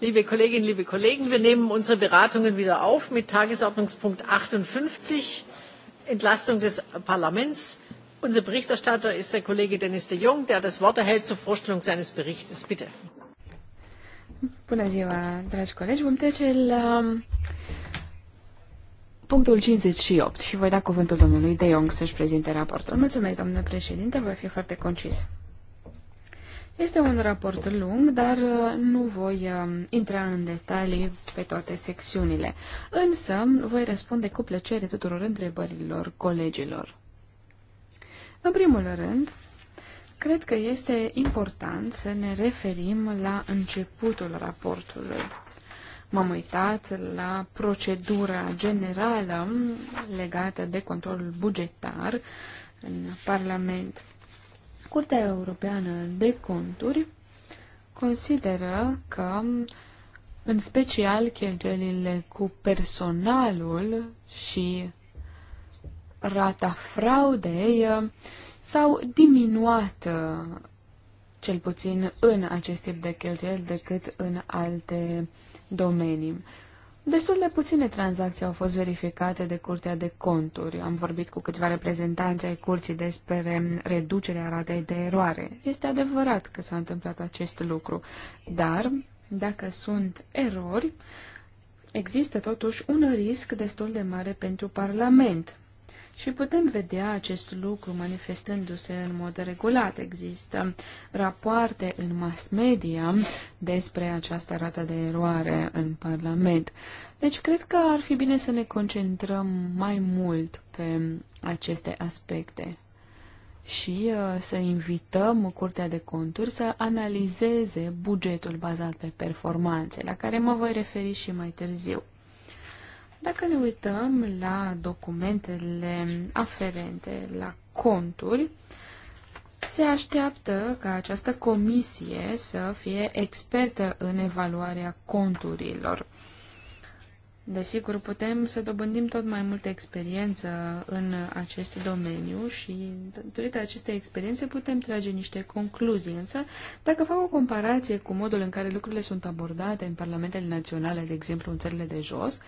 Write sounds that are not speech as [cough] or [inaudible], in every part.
liebe kolleginnen liebe kollegen wir nehmen unsere beratungen wieder auf mit tagesordnungspunkt achtundfünfzig entlastung des parlaments. unser berichterstatter ist der kollege dennis de jong der das wort erhält zur vorstellung seines berichts. bitte. Bună ziua, dragi colegi. Vom trece la um, punctul 58 și voi da cuvântul domnului De Jong să-și prezinte raportul. Mulțumesc, domnule președinte, voi fi foarte concis. Este un raport lung, dar uh, nu voi uh, intra în detalii pe toate secțiunile. Însă voi răspunde cu plăcere tuturor întrebărilor colegilor. În primul rând, cred că este important să ne referim la începutul raportului. M-am uitat la procedura generală legată de controlul bugetar în Parlament. Curtea Europeană de Conturi consideră că, în special, cheltuielile cu personalul și rata fraudei s-au diminuat cel puțin în acest tip de cheltuieli decât în alte domenii. Destul de puține tranzacții au fost verificate de Curtea de Conturi. Am vorbit cu câțiva reprezentanți ai Curții despre reducerea ratei de eroare. Este adevărat că s-a întâmplat acest lucru, dar dacă sunt erori, există totuși un risc destul de mare pentru Parlament. Și putem vedea acest lucru manifestându-se în mod regulat. Există rapoarte în mass media despre această rată de eroare în Parlament. Deci cred că ar fi bine să ne concentrăm mai mult pe aceste aspecte și uh, să invităm Curtea de Conturi să analizeze bugetul bazat pe performanțe, la care mă voi referi și mai târziu. Dacă ne uităm la documentele aferente la conturi, se așteaptă ca această comisie să fie expertă în evaluarea conturilor. Desigur, putem să dobândim tot mai multă experiență în acest domeniu și, datorită acestei experiențe, putem trage niște concluzii. Însă, dacă fac o comparație cu modul în care lucrurile sunt abordate în parlamentele naționale, de exemplu, în țările de jos, uh,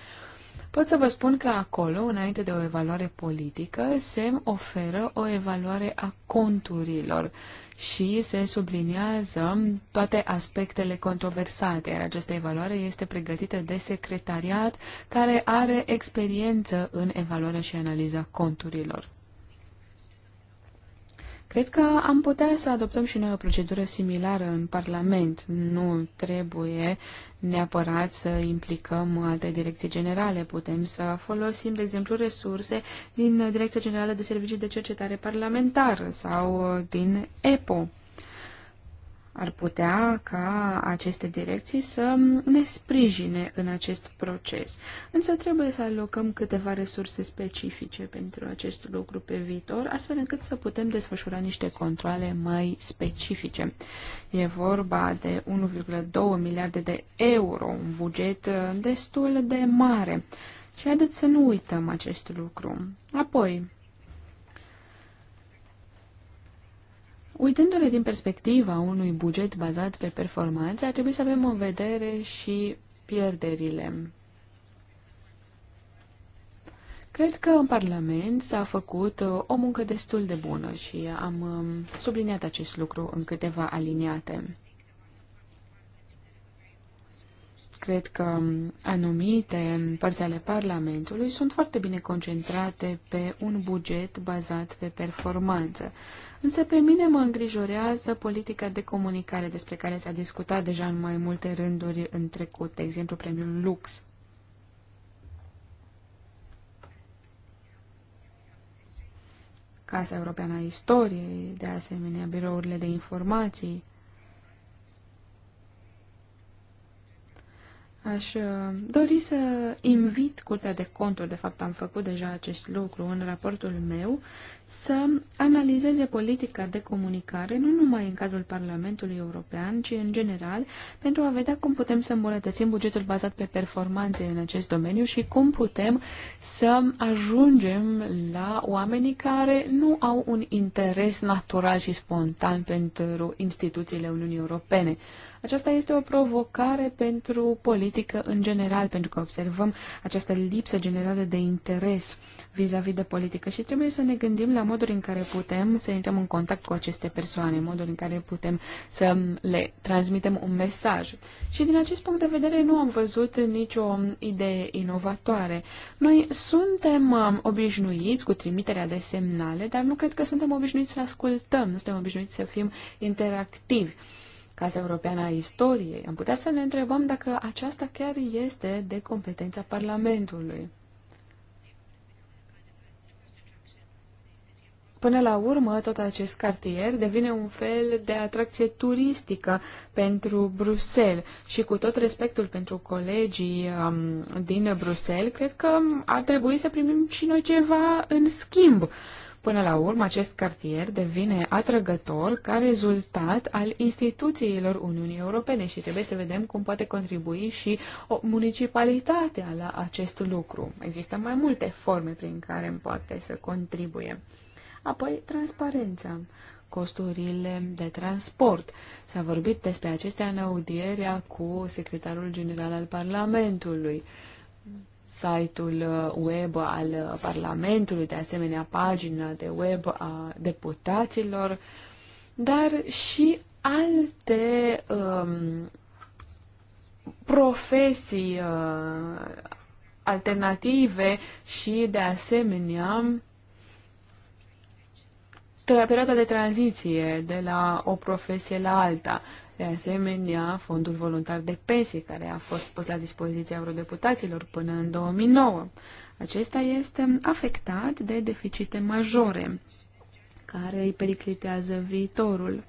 Pot să vă spun că acolo, înainte de o evaluare politică, se oferă o evaluare a conturilor și se subliniază toate aspectele controversate, iar această evaluare este pregătită de secretariat care are experiență în evaluarea și analiza conturilor. Cred că am putea să adoptăm și noi o procedură similară în Parlament. Nu trebuie neapărat să implicăm alte direcții generale. Putem să folosim, de exemplu, resurse din Direcția Generală de Servicii de Cercetare Parlamentară sau din EPO ar putea ca aceste direcții să ne sprijine în acest proces. Însă trebuie să alocăm câteva resurse specifice pentru acest lucru pe viitor, astfel încât să putem desfășura niște controle mai specifice. E vorba de 1,2 miliarde de euro, un buget uh, destul de mare. Și haideți să nu uităm acest lucru. Apoi, Uitându-ne din perspectiva unui buget bazat pe performanțe, ar trebui să avem în vedere și pierderile. Cred că în Parlament s-a făcut uh, o muncă destul de bună și am um, subliniat acest lucru în câteva aliniate. Cred că anumite părți ale Parlamentului sunt foarte bine concentrate pe un buget bazat pe performanță. Însă pe mine mă îngrijorează politica de comunicare despre care s-a discutat deja în mai multe rânduri în trecut, de exemplu premiul Lux. Casa Europeană a Istoriei, de asemenea birourile de informații, Aș uh, dori să invit Curtea de Conturi, de fapt am făcut deja acest lucru în raportul meu, să analizeze politica de comunicare nu numai în cadrul Parlamentului European, ci în general, pentru a vedea cum putem să îmbunătățim bugetul bazat pe performanțe în acest domeniu și cum putem să ajungem la oamenii care nu au un interes natural și spontan pentru instituțiile Uniunii Europene. Aceasta este o provocare pentru politică în general, pentru că observăm această lipsă generală de interes vis-a-vis -vis de politică și trebuie să ne gândim la modul în care putem să intrăm în contact cu aceste persoane, modul în care putem să le transmitem un mesaj. Și din acest punct de vedere nu am văzut nicio idee inovatoare. Noi suntem um, obișnuiți cu trimiterea de semnale, dar nu cred că suntem obișnuiți să ascultăm, nu suntem obișnuiți să fim interactivi. Casa Europeană a Istoriei, am putea să ne întrebăm dacă aceasta chiar este de competența Parlamentului. Până la urmă, tot acest cartier devine un fel de atracție turistică pentru Bruxelles și cu tot respectul pentru colegii um, din Bruxelles, cred că ar trebui să primim și noi ceva în schimb. Uh, Până la urmă, acest cartier devine atrăgător ca rezultat al instituțiilor Uniunii Europene și trebuie să vedem cum poate contribui și o municipalitate la acest lucru. Există mai multe forme prin care poate să contribuie. Apoi, transparența costurile de transport. S-a vorbit despre acestea în audierea cu secretarul general al Parlamentului site-ul uh, web al uh, Parlamentului, de asemenea pagina de web a deputaților, dar și alte um, profesii uh, alternative și, de asemenea, perioada de tranziție de la o profesie la alta. De asemenea, fondul voluntar de pensii, care a fost pus la dispoziția eurodeputaților până în 2009. Acesta este afectat de deficite majore, care îi periclitează viitorul.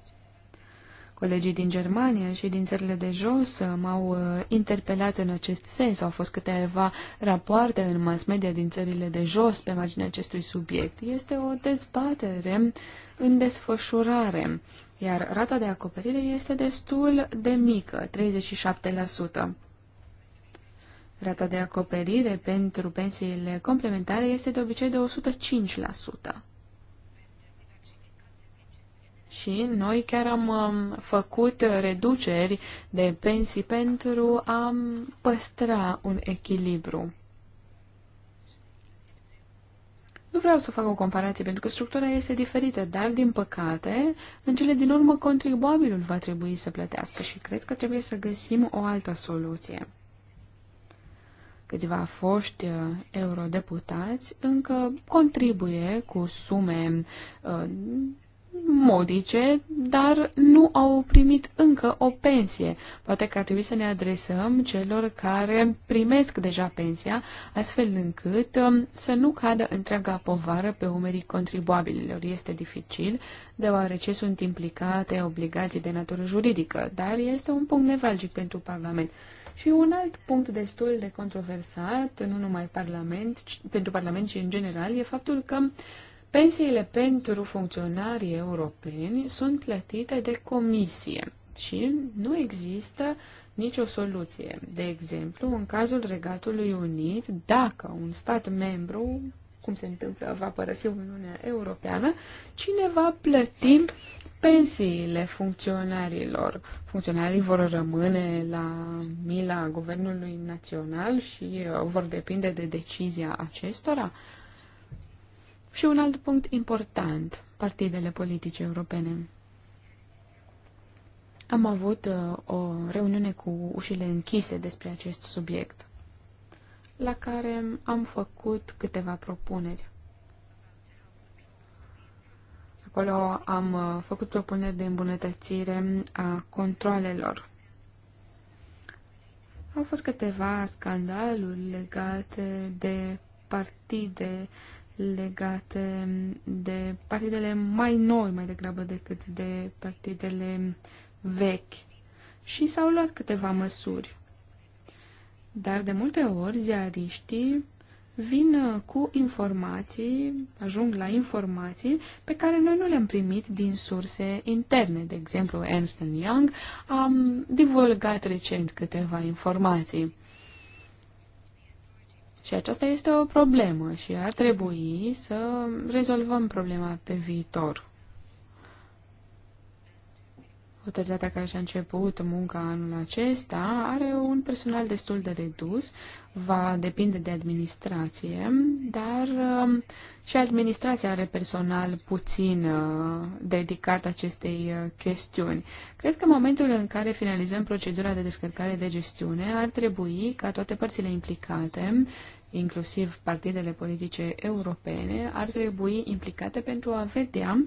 Colegii din Germania și din țările de jos uh, m-au uh, interpelat în acest sens. Au fost câteva rapoarte în mass media din țările de jos pe marginea acestui subiect. Este o dezbatere în desfășurare iar rata de acoperire este destul de mică, 37%. Rata de acoperire pentru pensiile complementare este de obicei de 105%. Și noi chiar am um, făcut reduceri de pensii pentru a păstra un echilibru. Nu vreau să fac o comparație, pentru că structura este diferită, dar, din păcate, în cele din urmă, contribuabilul va trebui să plătească și cred că trebuie să găsim o altă soluție. Câțiva foști uh, eurodeputați încă contribuie cu sume uh, modice, dar nu au primit încă o pensie. Poate că ar trebui să ne adresăm celor care primesc deja pensia, astfel încât um, să nu cadă întreaga povară pe umerii contribuabililor. Este dificil, deoarece sunt implicate obligații de natură juridică, dar este un punct nevralgic pentru Parlament. Și un alt punct destul de controversat, nu numai parlament, ci, pentru Parlament, ci în general, e faptul că Pensiile pentru funcționarii europeni sunt plătite de comisie și nu există nicio soluție. De exemplu, în cazul Regatului Unit, dacă un stat membru, cum se întâmplă, va părăsi Uniunea Europeană, cine va plăti pensiile funcționarilor? Funcționarii vor rămâne la mila Guvernului Național și uh, vor depinde de decizia acestora? Și un alt punct important, partidele politice europene. Am avut uh, o reuniune cu ușile închise despre acest subiect, la care am făcut câteva propuneri. Acolo am uh, făcut propuneri de îmbunătățire a controlelor. Au fost câteva scandaluri legate de partide uh, legate de partidele mai noi, mai degrabă decât de partidele vechi. Și s-au luat câteva măsuri. Dar de multe ori ziariștii vin cu informații, ajung la informații pe care noi nu le-am primit din surse interne. De exemplu, Ernst Young a divulgat recent câteva informații. Și aceasta este o problemă și ar trebui să rezolvăm problema pe viitor. Autoritatea care și-a început munca anul acesta are un personal destul de redus, va depinde de administrație, dar um, și administrația are personal puțin uh, dedicat acestei uh, chestiuni. Cred că în momentul în care finalizăm procedura de descărcare de gestiune, ar trebui ca toate părțile implicate inclusiv partidele politice europene, ar trebui implicate pentru a vedea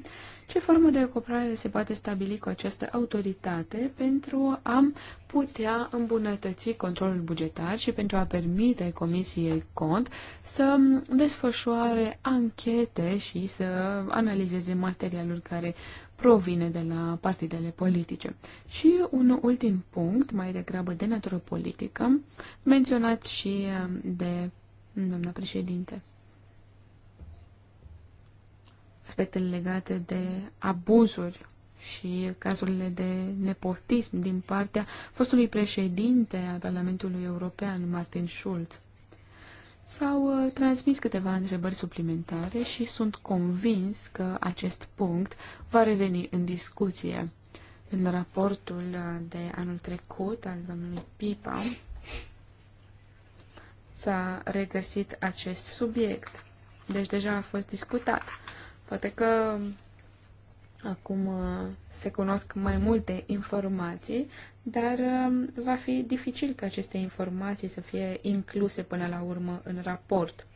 ce formă de acoperare se poate stabili cu această autoritate pentru a putea îmbunătăți controlul bugetar și pentru a permite Comisiei Cont să desfășoare anchete și să analizeze materialul care provine de la partidele politice. Și un ultim punct, mai degrabă de natură politică, menționat și de doamna președinte. Aspectele legate de abuzuri și cazurile de nepotism din partea fostului președinte al Parlamentului European, Martin Schulz. S-au uh, transmis câteva întrebări suplimentare și sunt convins că acest punct va reveni în discuție. În raportul uh, de anul trecut al domnului Pipa, s-a regăsit acest subiect. Deci deja a fost discutat. Poate că acum uh, se cunosc mai multe informații, dar uh, va fi dificil ca aceste informații să fie incluse până la urmă în raport.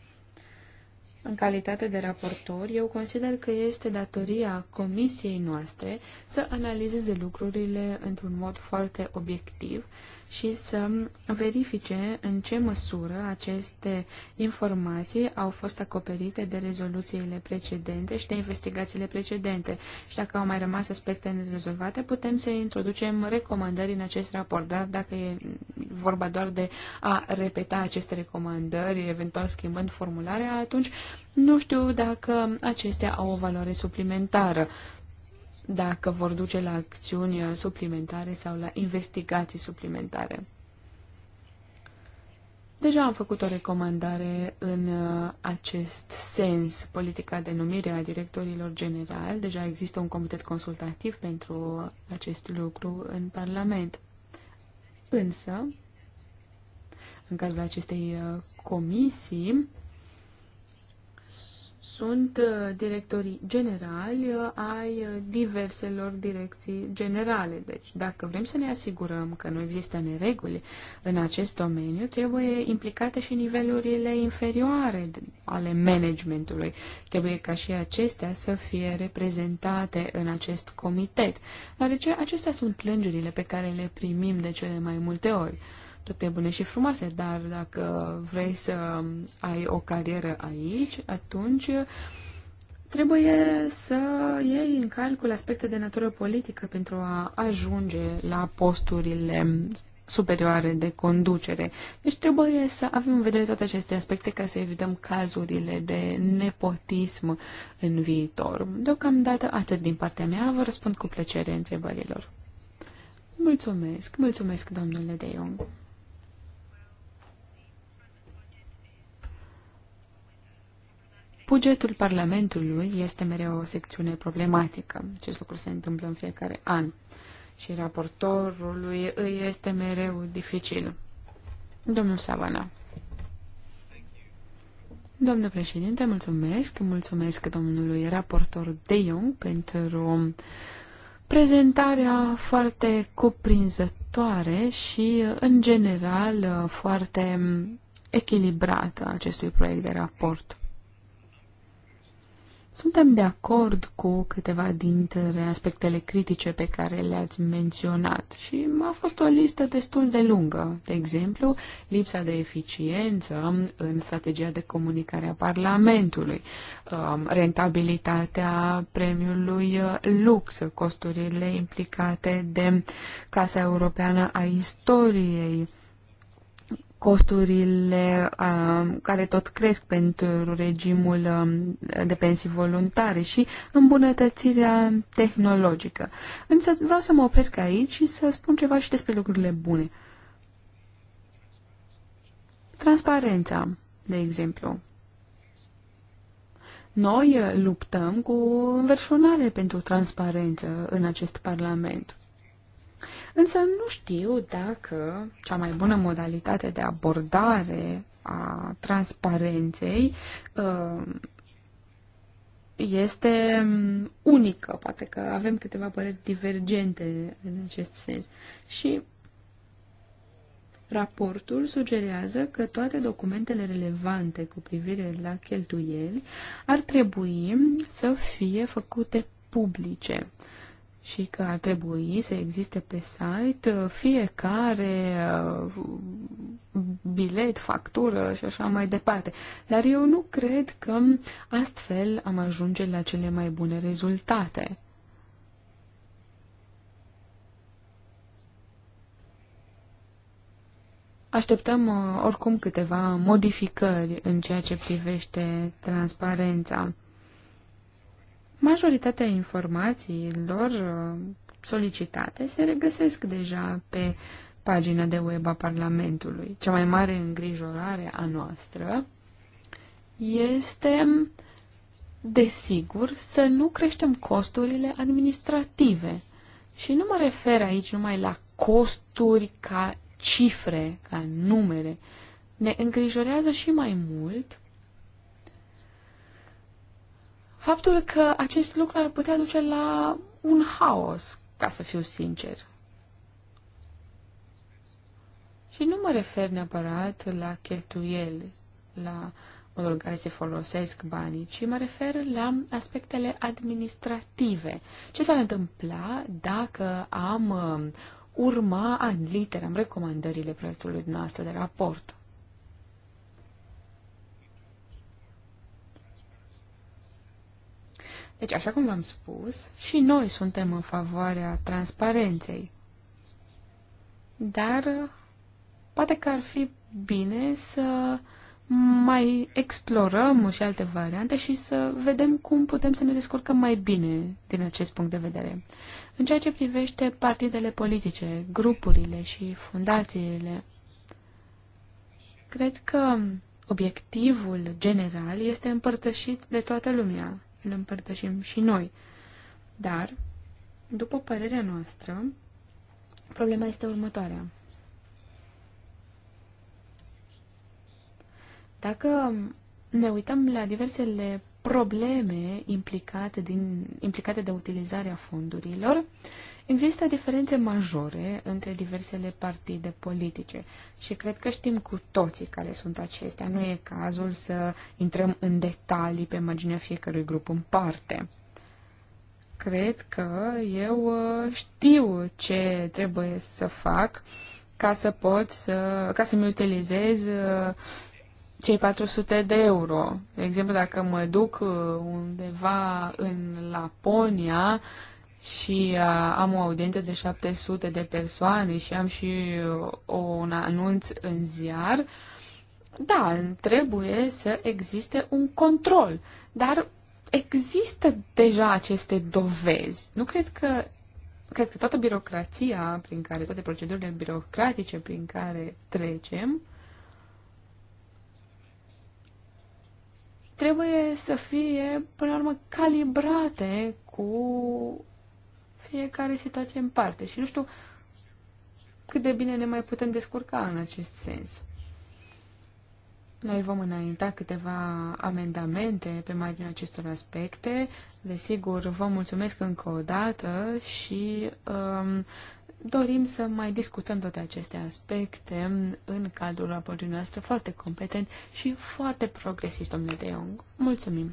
În calitate de raportor, eu consider că este datoria comisiei noastre să analizeze lucrurile într-un mod foarte obiectiv și să verifice în ce măsură aceste informații au fost acoperite de rezoluțiile precedente și de investigațiile precedente. Și dacă au mai rămas aspecte nerezolvate, putem să introducem recomandări în acest raport. Dar dacă e vorba doar de a repeta aceste recomandări, eventual schimbând formularea, atunci nu știu dacă acestea au o valoare suplimentară dacă vor duce la acțiuni suplimentare sau la investigații suplimentare. Deja am făcut o recomandare în uh, acest sens, politica de numire a directorilor generali. Deja există un comitet consultativ pentru acest lucru în Parlament. Însă, în cadrul acestei uh, comisii, sunt uh, directorii generali uh, ai uh, diverselor direcții generale. Deci, dacă vrem să ne asigurăm că nu există nereguli în acest domeniu, trebuie implicate și nivelurile inferioare ale managementului. Trebuie ca și acestea să fie reprezentate în acest comitet, deoarece acestea sunt plângerile pe care le primim de cele mai multe ori toate bune și frumoase, dar dacă vrei să ai o carieră aici, atunci trebuie să iei în calcul aspecte de natură politică pentru a ajunge la posturile superioare de conducere. Deci trebuie să avem în vedere toate aceste aspecte ca să evităm cazurile de nepotism în viitor. Deocamdată atât din partea mea, vă răspund cu plăcere întrebărilor. Mulțumesc, mulțumesc, domnule De Jong. Bugetul Parlamentului este mereu o secțiune problematică. Acest lucru se întâmplă în fiecare an și raportorului îi este mereu dificil. Domnul Savana. Domnul președinte, mulțumesc. Mulțumesc domnului raportor De Jong pentru prezentarea foarte cuprinzătoare și, în general, foarte echilibrată acestui proiect de raport. Suntem de acord cu câteva dintre aspectele critice pe care le-ați menționat și a fost o listă destul de lungă. De exemplu, lipsa de eficiență în strategia de comunicare a Parlamentului, um, rentabilitatea premiului Lux, costurile implicate de Casa Europeană a Istoriei, costurile uh, care tot cresc pentru regimul uh, de pensii voluntare și îmbunătățirea tehnologică. Însă vreau să mă opresc aici și să spun ceva și despre lucrurile bune. Transparența, de exemplu. Noi luptăm cu înverșunare pentru transparență în acest Parlament. Însă nu știu dacă cea mai bună modalitate de abordare a transparenței uh, este um, unică, poate că avem câteva păreri divergente în acest sens. Și Raportul sugerează că toate documentele relevante cu privire la cheltuieli ar trebui să fie făcute publice și că ar trebui să existe pe site uh, fiecare uh, bilet, factură și așa mai departe. Dar eu nu cred că astfel am ajunge la cele mai bune rezultate. Așteptăm uh, oricum câteva modificări în ceea ce privește transparența. Majoritatea informațiilor uh, solicitate se regăsesc deja pe pagina de web a Parlamentului. Cea mai mare îngrijorare a noastră este, desigur, să nu creștem costurile administrative. Și nu mă refer aici numai la costuri ca cifre, ca numere. Ne îngrijorează și mai mult faptul că acest lucru ar putea duce la un haos, ca să fiu sincer. Și nu mă refer neapărat la cheltuieli, la modul în care se folosesc banii, ci mă refer la aspectele administrative. Ce s-ar întâmpla dacă am uh, urma în literă, în recomandările proiectului noastră de raport? Deci, așa cum v-am spus, și noi suntem în favoarea transparenței. Dar poate că ar fi bine să mai explorăm și alte variante și să vedem cum putem să ne descurcăm mai bine din acest punct de vedere. În ceea ce privește partidele politice, grupurile și fundațiile, cred că obiectivul general este împărtășit de toată lumea. Îl împărtășim și noi. Dar, după părerea noastră, problema este următoarea. Dacă ne uităm la diversele probleme implicate, din, implicate de utilizarea fondurilor, uh, Există diferențe majore între diversele partide politice și cred că știm cu toții care sunt acestea. Nu e cazul să intrăm în detalii pe marginea fiecărui grup în parte. Cred că eu uh, știu ce trebuie să fac ca să pot să, ca să-mi utilizez uh, cei 400 de euro. De exemplu, dacă mă duc uh, undeva în Laponia și uh, am o audiență de 700 de persoane și am și uh, un anunț în ziar, da, trebuie să existe un control, dar există deja aceste dovezi. Nu cred că cred că toată birocrația prin care, toate procedurile birocratice prin care trecem, trebuie să fie, până la urmă, calibrate cu fiecare situație în parte și nu știu cât de bine ne mai putem descurca în acest sens. Noi vom înainta câteva amendamente pe marginea acestor aspecte. Desigur, vă mulțumesc încă o dată și um, dorim să mai discutăm toate aceste aspecte în cadrul raportului noastră foarte competent și foarte progresist, domnule De Jong. Mulțumim!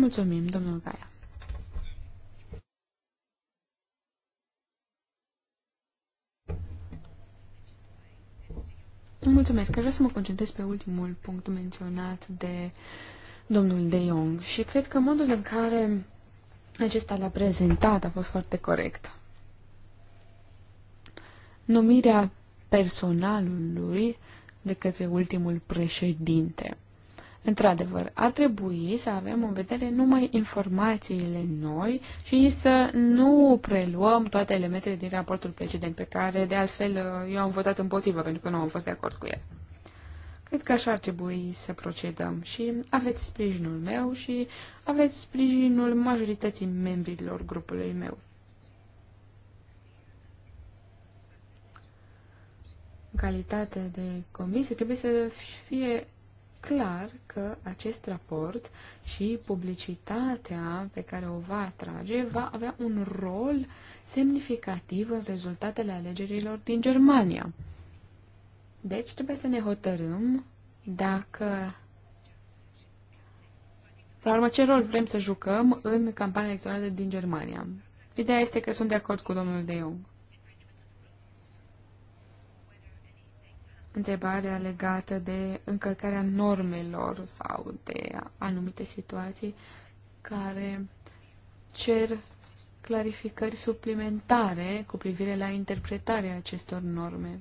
Mulțumim, domnul Gaia. Mulțumesc. Aș vrea să mă concentrez pe ultimul punct menționat de domnul De Jong și cred că modul în care acesta l-a prezentat a fost foarte corect. Numirea personalului de către ultimul președinte. Într-adevăr, ar trebui să avem în vedere numai informațiile noi și să nu preluăm toate elementele din raportul precedent, pe care, de altfel, eu am votat împotrivă, pentru că nu am fost de acord cu el. Cred că așa ar trebui să procedăm și aveți sprijinul meu și aveți sprijinul majorității membrilor grupului meu. În calitate de comisie trebuie să fie clar că acest raport și publicitatea pe care o va atrage va avea un rol semnificativ în rezultatele alegerilor din Germania. Deci trebuie să ne hotărâm dacă la urmă, ce rol vrem să jucăm în campania electorală din Germania? Ideea este că sunt de acord cu domnul De Jong. întrebarea legată de încălcarea normelor sau de anumite situații care cer clarificări suplimentare cu privire la interpretarea acestor norme.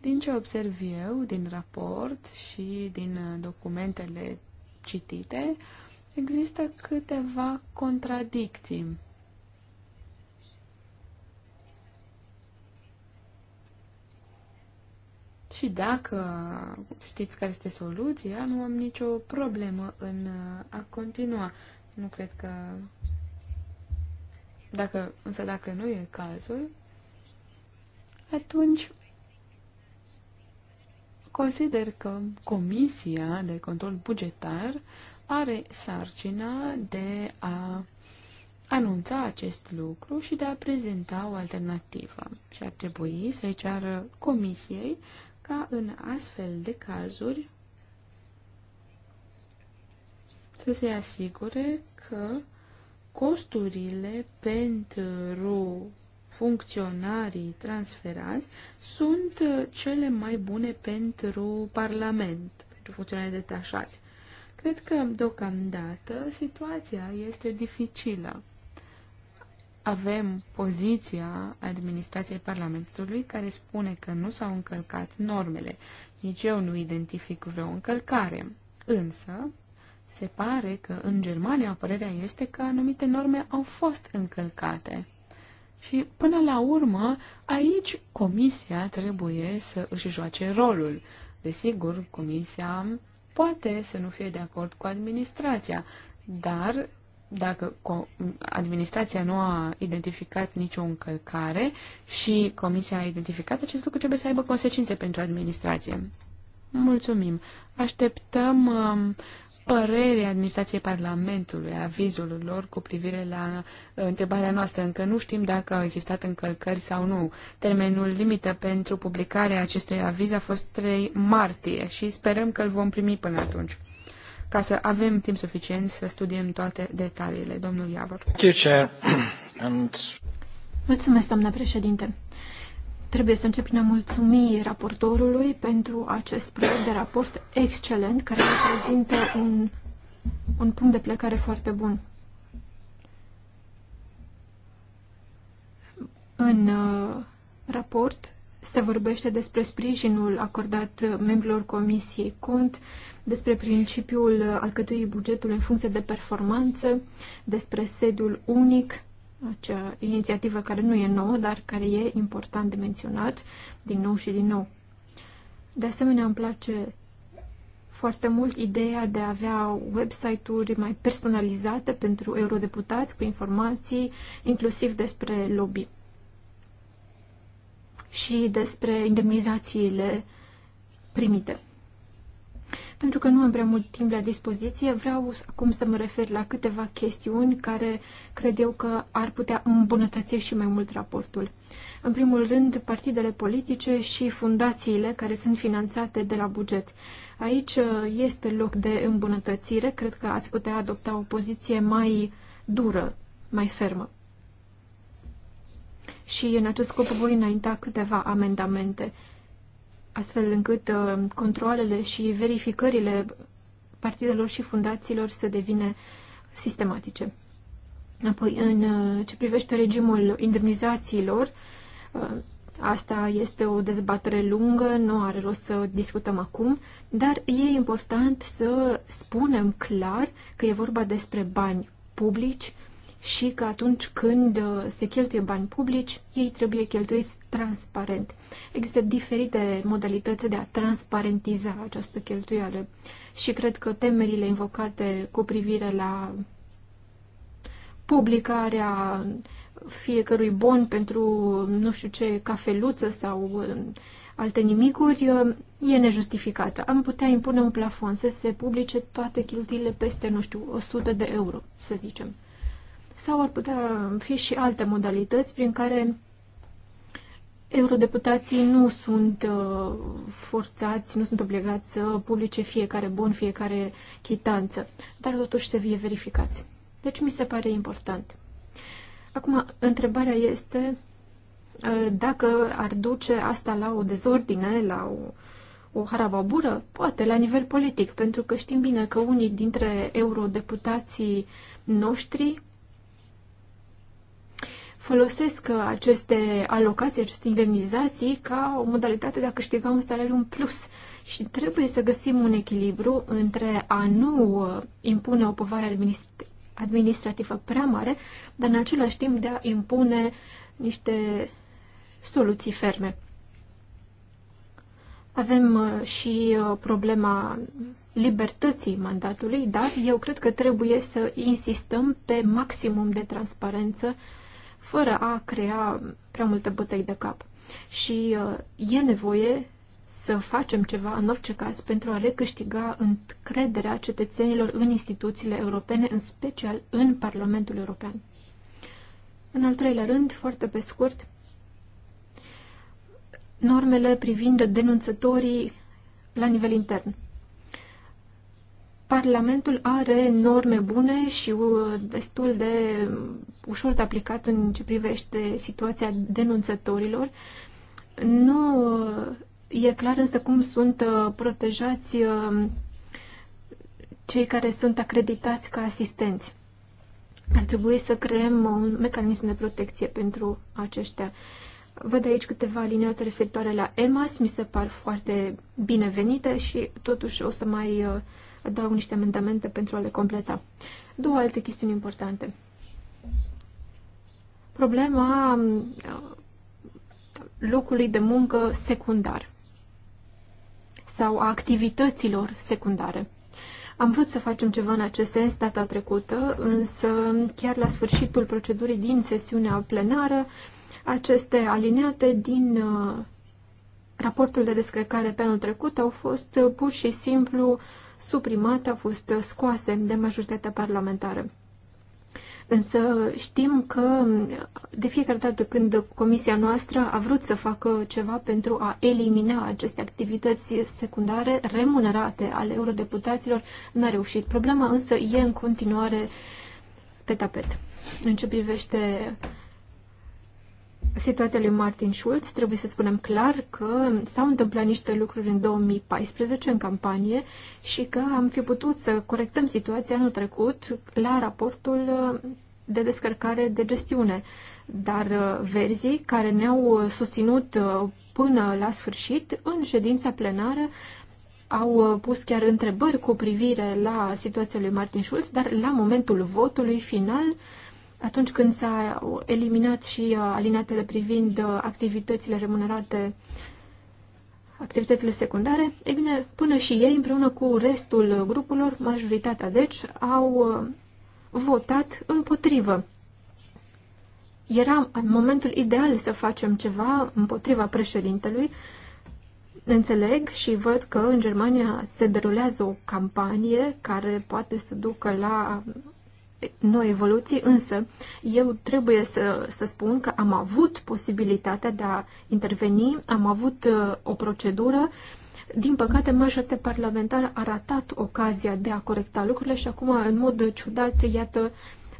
Din ce observ eu din raport și din documentele citite, există câteva contradicții Și dacă știți care este soluția, nu am nicio problemă în uh, a continua. Nu cred că... Dacă, însă dacă nu e cazul, atunci consider că Comisia de Control Bugetar are sarcina de a anunța acest lucru și de a prezenta o alternativă. Și ar trebui să-i ceară Comisiei ca în astfel de cazuri să se asigure că costurile pentru funcționarii transferați sunt cele mai bune pentru Parlament, pentru funcționarii detașați. Cred că, deocamdată, situația este dificilă avem poziția administrației Parlamentului care spune că nu s-au încălcat normele. Nici eu nu identific vreo încălcare. Însă, se pare că în Germania părerea este că anumite norme au fost încălcate. Și până la urmă, aici comisia trebuie să își joace rolul. Desigur, comisia poate să nu fie de acord cu administrația, dar dacă administrația nu a identificat nicio încălcare și comisia a identificat acest lucru, trebuie să aibă consecințe pentru administrație. Mulțumim. Așteptăm um, părerea administrației Parlamentului, avizul lor cu privire la uh, întrebarea noastră. Încă nu știm dacă au existat încălcări sau nu. Termenul limită pentru publicarea acestui aviz a fost 3 martie și sperăm că îl vom primi până atunci ca să avem timp suficient să studiem toate detaliile. Domnul Iavor. [clears throat] Mulțumesc, doamna președinte. Trebuie să încep prin a mulțumi raportorului pentru acest proiect de raport excelent, care reprezintă un, un punct de plecare foarte bun. În uh, raport se vorbește despre sprijinul acordat membrilor Comisiei Cont, despre principiul alcătuirii bugetului în funcție de performanță, despre sediul unic, acea inițiativă care nu e nouă, dar care e important de menționat din nou și din nou. De asemenea, îmi place foarte mult ideea de a avea website-uri mai personalizate pentru eurodeputați cu informații, inclusiv despre lobby și despre indemnizațiile primite. Pentru că nu am prea mult timp la dispoziție, vreau acum să mă refer la câteva chestiuni care cred eu că ar putea îmbunătăți și mai mult raportul. În primul rând, partidele politice și fundațiile care sunt finanțate de la buget. Aici uh, este loc de îmbunătățire, cred că ați putea adopta o poziție mai dură, mai fermă și în acest scop voi înainta câteva amendamente, astfel încât uh, controlele și verificările partidelor și fundațiilor să devină sistematice. Apoi, în uh, ce privește regimul indemnizațiilor, uh, asta este o dezbatere lungă, nu are rost să discutăm acum, dar e important să spunem clar că e vorba despre bani publici și că atunci când uh, se cheltuie bani publici, ei trebuie cheltuiți transparent. Există diferite modalități de a transparentiza această cheltuială și cred că temerile invocate cu privire la publicarea fiecărui bon pentru uh, nu știu ce cafeluță sau uh, alte nimicuri e nejustificată. Am putea impune un plafon să se publice toate cheltuielile peste, nu știu, 100 de euro, să zicem sau ar putea fi și alte modalități prin care eurodeputații nu sunt uh, forțați, nu sunt obligați să publice fiecare bon, fiecare chitanță, dar totuși să fie verificați. Deci mi se pare important. Acum, întrebarea este uh, dacă ar duce asta la o dezordine, la o, o harababură? Poate, la nivel politic, pentru că știm bine că unii dintre eurodeputații noștri folosesc aceste alocații, aceste indemnizații ca o modalitate de a câștiga un salariu în plus. Și trebuie să găsim un echilibru între a nu uh, impune o povară administrativă prea mare, dar în același timp de a impune niște soluții ferme. Avem uh, și uh, problema libertății mandatului, dar eu cred că trebuie să insistăm pe maximum de transparență fără a crea prea multe bătăi de cap. Și uh, e nevoie să facem ceva, în orice caz, pentru a recâștiga încrederea cetățenilor în instituțiile europene, în special în Parlamentul European. În al treilea rând, foarte pe scurt, normele privind denunțătorii la nivel intern. Parlamentul are norme bune și uh, destul de ușor de aplicat în ce privește situația denunțătorilor. Nu uh, e clar însă cum sunt uh, protejați cei care sunt acreditați ca asistenți. Ar trebui să creăm un mecanism de protecție pentru aceștia. Văd aici câteva alineate referitoare la EMAS, mi se par foarte binevenite și totuși o să mai adaug niște amendamente pentru a le completa. Două alte chestiuni importante. Problema mm, locului de muncă secundar sau a activităților secundare. Am vrut să facem ceva în acest sens data trecută, însă chiar la sfârșitul procedurii din sesiunea plenară, aceste alineate din uh, raportul de descărcare pe anul trecut au fost pur și simplu Suprimată a fost scoase de majoritatea parlamentară. Însă știm că de fiecare dată când comisia noastră a vrut să facă ceva pentru a elimina aceste activități secundare remunerate ale eurodeputaților, n-a reușit. Problema însă e în continuare pe tapet. În ce privește situația lui Martin Schulz, trebuie să spunem clar că s-au întâmplat niște lucruri în 2014 în campanie și că am fi putut să corectăm situația anul trecut la raportul uh, de descărcare de gestiune. Dar uh, verzii care ne-au uh, susținut până la sfârșit în ședința plenară au pus chiar întrebări cu privire la situația lui Martin Schulz, dar la momentul votului final atunci când s-a eliminat și uh, alinatele privind uh, activitățile remunerate, activitățile secundare, e bine, până și ei, împreună cu restul grupurilor, majoritatea deci, au uh, votat împotrivă. Era momentul ideal să facem ceva împotriva președintelui. Înțeleg și văd că în Germania se derulează o campanie care poate să ducă la noi evoluții, însă eu trebuie să, să spun că am avut posibilitatea de a interveni, am avut uh, o procedură. Din păcate, majoritatea parlamentară a ratat ocazia de a corecta lucrurile și acum, în mod ciudat, iată,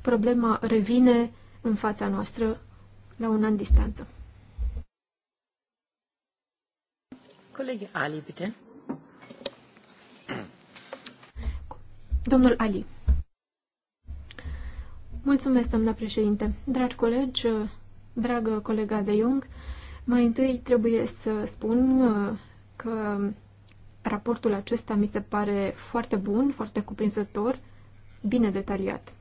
problema revine în fața noastră la un an distanță. Colegi Ali, bine. Domnul Ali. Mulțumesc, doamna președinte. Dragi colegi, dragă colega de Jung, mai întâi trebuie să spun uh, că raportul acesta mi se pare foarte bun, foarte cuprinzător, bine detaliat.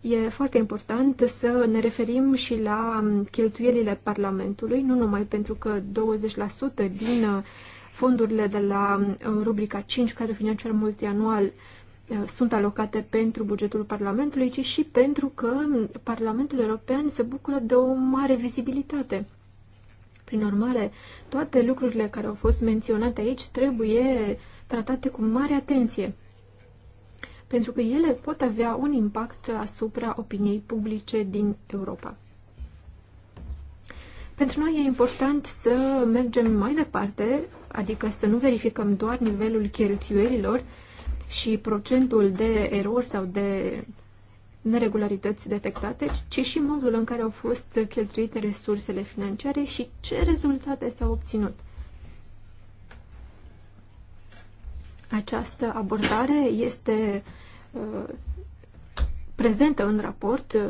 E foarte important să ne referim și la cheltuielile Parlamentului, nu numai pentru că 20% din uh, fondurile de la uh, rubrica 5, care financiar multianual, sunt alocate pentru bugetul Parlamentului, ci și pentru că Parlamentul European se bucură de o mare vizibilitate. Prin urmare, toate lucrurile care au fost menționate aici trebuie tratate cu mare atenție, pentru că ele pot avea un impact asupra opiniei publice din Europa. Pentru noi e important să mergem mai departe, adică să nu verificăm doar nivelul cheltuielilor, și procentul de erori sau de neregularități detectate, ci și modul în care au fost cheltuite resursele financiare și ce rezultate s-au obținut. Această abordare este uh, prezentă în raport uh,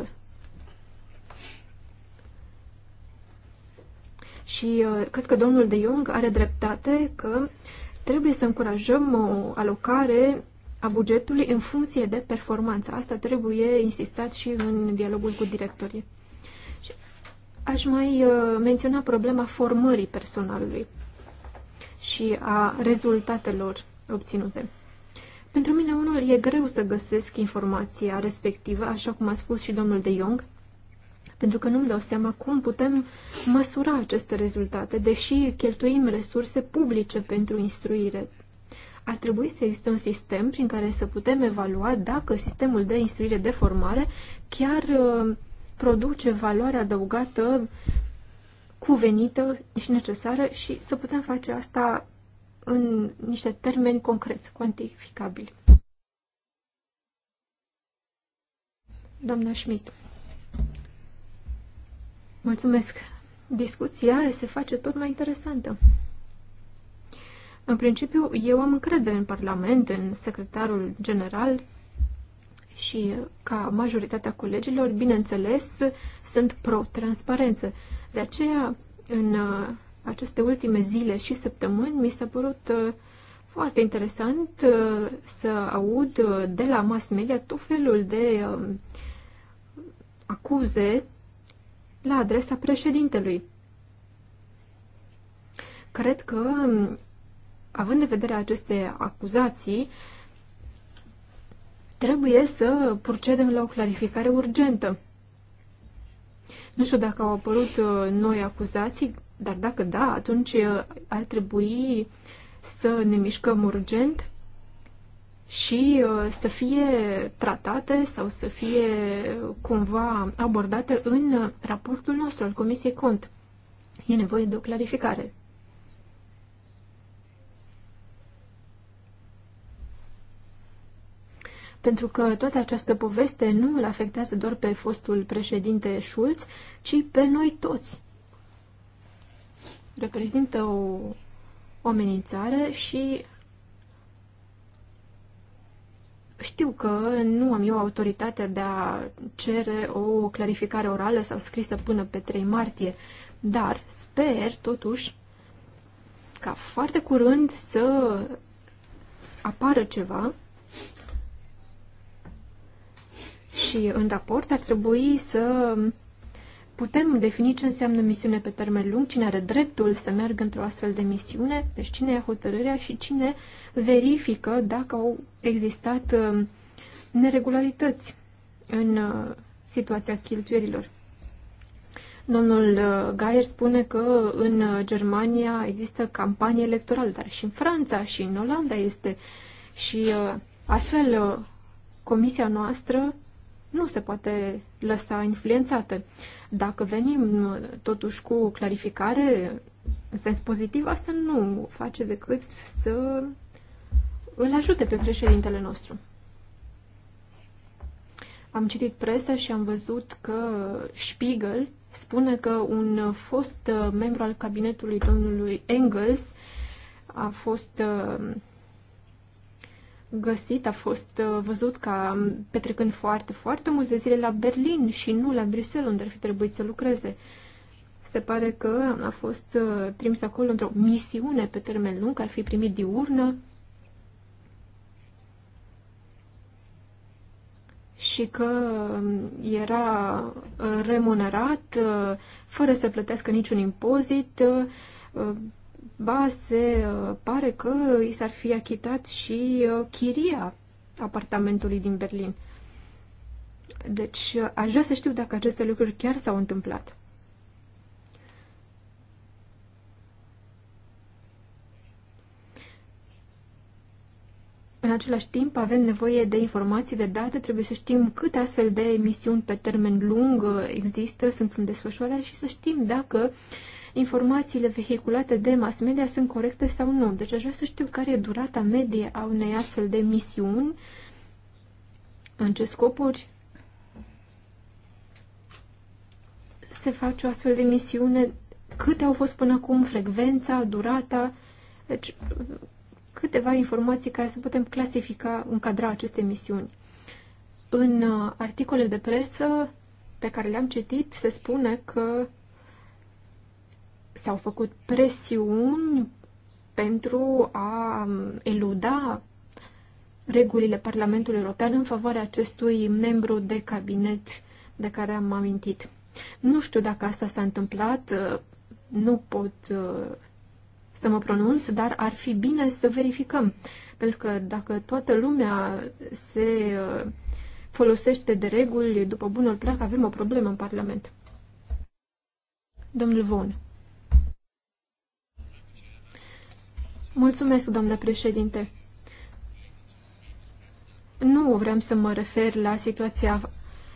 și uh, cred că domnul de Jung are dreptate că trebuie să încurajăm o alocare a bugetului în funcție de performanță. Asta trebuie insistat și în dialogul cu directorii. Și aș mai uh, menționa problema formării personalului și a rezultatelor obținute. Pentru mine unul e greu să găsesc informația respectivă, așa cum a spus și domnul de Jong, pentru că nu-mi dau seama cum putem măsura aceste rezultate, deși cheltuim resurse publice pentru instruire, ar trebui să existe un sistem prin care să putem evalua dacă sistemul de instruire de formare chiar uh, produce valoare adăugată cuvenită și necesară și să putem face asta în niște termeni concreți, cuantificabili. Doamna Schmidt. Mulțumesc. Discuția se face tot mai interesantă. În principiu, eu am încredere în Parlament, în secretarul general și ca majoritatea colegilor, bineînțeles, sunt pro-transparență. De aceea, în uh, aceste ultime zile și săptămâni, mi s-a părut uh, foarte interesant uh, să aud de la mass media tot felul de um, acuze la adresa președintelui. Cred că um, având în vedere aceste acuzații, trebuie să procedem la o clarificare urgentă. Nu știu dacă au apărut uh, noi acuzații, dar dacă da, atunci uh, ar trebui să ne mișcăm urgent și uh, să fie tratate sau să fie cumva abordate în raportul nostru al Comisiei Cont. E nevoie de o clarificare. pentru că toată această poveste nu îl afectează doar pe fostul președinte Schulz, ci pe noi toți. Reprezintă o, o amenințare și știu că nu am eu autoritatea de a cere o clarificare orală sau scrisă până pe 3 martie, dar sper totuși ca foarte curând să apară ceva și în raport ar trebui să putem defini ce înseamnă misiune pe termen lung, cine are dreptul să meargă într-o astfel de misiune, deci cine ia hotărârea și cine verifică dacă au existat uh, neregularități în uh, situația cheltuielilor. Domnul uh, Gaier spune că în Germania există campanie electorală, dar și în Franța și în Olanda este. Și astfel, comisia noastră nu se poate lăsa influențată. Dacă venim totuși cu clarificare în sens pozitiv, asta nu face decât să îl ajute pe președintele nostru. Am citit presa și am văzut că Spiegel spune că un fost uh, membru al cabinetului domnului Engels a fost uh, găsit, a fost uh, văzut ca petrecând foarte, foarte multe zile la Berlin și nu la Bruxelles, unde ar fi trebuit să lucreze. Se pare că a fost uh, trimis acolo într-o misiune pe termen lung, ar fi primit diurnă și că um, era uh, remunerat fără să plătească niciun impozit ba se uh, pare că i s-ar fi achitat și uh, chiria apartamentului din Berlin. Deci uh, aș vrea să știu dacă aceste lucruri chiar s-au întâmplat. În același timp, avem nevoie de informații, de date, trebuie să știm câte astfel de emisiuni pe termen lung există, sunt în desfășoare și să știm dacă uh, informațiile vehiculate de mass media sunt corecte sau nu. Deci aș vrea să știu care e durata medie a unei astfel de misiuni, în ce scopuri se face o astfel de misiune, câte au fost până acum, frecvența, durata, deci câteva informații care să putem clasifica, încadra aceste misiuni. În uh, articole de presă pe care le-am citit se spune că s-au făcut presiuni pentru a eluda regulile Parlamentului European în favoarea acestui membru de cabinet de care am amintit. Nu știu dacă asta s-a întâmplat, nu pot uh, să mă pronunț, dar ar fi bine să verificăm. Pentru că dacă toată lumea se uh, folosește de reguli după bunul plac, avem o problemă în Parlament. Domnul Von. Mulțumesc, domnule președinte. Nu vreau să mă refer la situația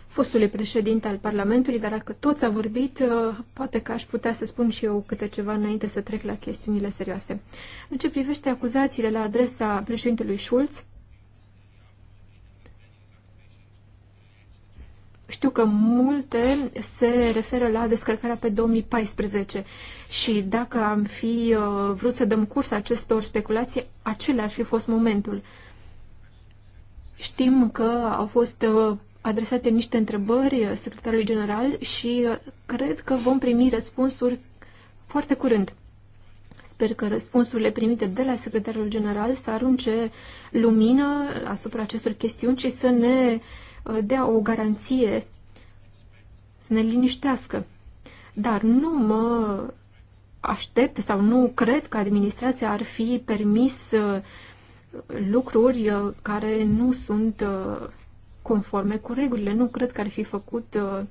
fostului președinte al Parlamentului, dar dacă toți a vorbit, uh, poate că aș putea să spun și eu câte ceva înainte să trec la chestiunile serioase. În ce privește acuzațiile la adresa președintelui Schulz, Știu că multe se referă la descărcarea pe 2014 și dacă am fi uh, vrut să dăm curs acestor speculații, acela ar fi fost momentul. Știm că au fost uh, adresate niște întrebări secretarului general și uh, cred că vom primi răspunsuri foarte curând. Sper că răspunsurile primite de la secretarul general să arunce lumină asupra acestor chestiuni și să ne uh, Uh, dea o garanție, să ne liniștească. Dar nu mă aștept sau nu cred că administrația ar fi permis uh, lucruri uh, care nu sunt conforme cu regulile. Nu cred că ar fi făcut uh,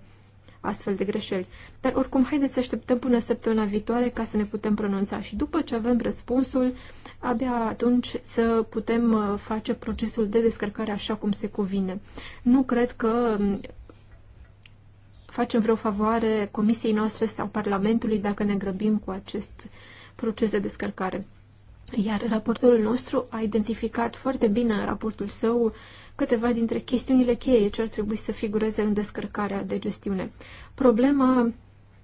astfel de greșeli. Dar oricum, haideți să așteptăm până săptămâna viitoare ca să ne putem pronunța și după ce avem răspunsul, abia atunci să putem uh, face procesul de descărcare așa cum se cuvine. Nu cred că um, facem vreo favoare comisiei noastre sau Parlamentului dacă ne grăbim cu acest proces de descărcare. Iar raportorul nostru a identificat foarte bine în raportul său câteva dintre chestiunile cheie ce ar trebui să figureze în descărcarea de gestiune. Problema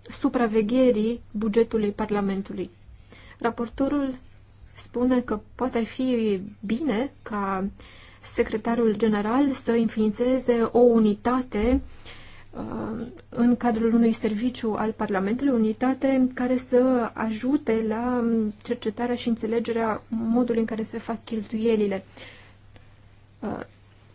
supravegherii bugetului Parlamentului. Raportorul spune că poate ar fi bine ca secretarul general să înființeze o unitate uh, în cadrul unui serviciu al Parlamentului, unitate care să ajute la cercetarea și înțelegerea modului în care se fac cheltuielile. Uh,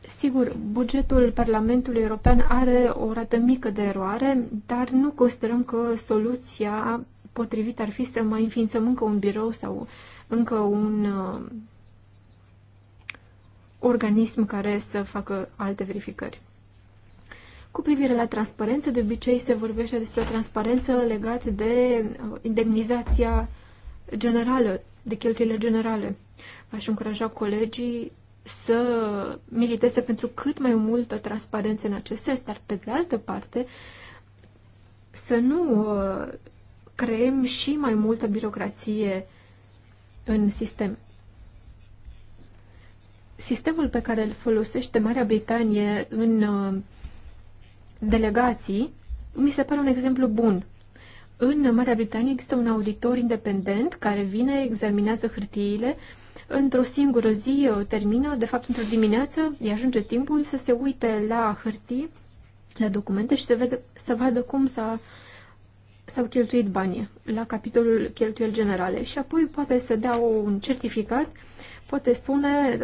Sigur, bugetul Parlamentului European are o rată mică de eroare, dar nu considerăm că soluția potrivită ar fi să mai înființăm încă un birou sau încă un uh, organism care să facă alte verificări. Cu privire la transparență, de obicei se vorbește despre transparență legată de uh, indemnizația generală, de cheltuielile generale. Aș încuraja colegii să militeze pentru cât mai multă transparență în acest sens, dar pe de altă parte să nu uh, creăm și mai multă birocrație în sistem. Sistemul pe care îl folosește Marea Britanie în uh, delegații mi se pare un exemplu bun. În Marea Britanie există un auditor independent care vine, examinează hârtiile, uh, într-o singură zi termină, de fapt într-o dimineață, îi ajunge timpul să se uite la hârtii, la documente și să, vede, să vadă cum s-a, s-au cheltuit banii la capitolul cheltuieli generale. Și apoi poate să dea un certificat, poate spune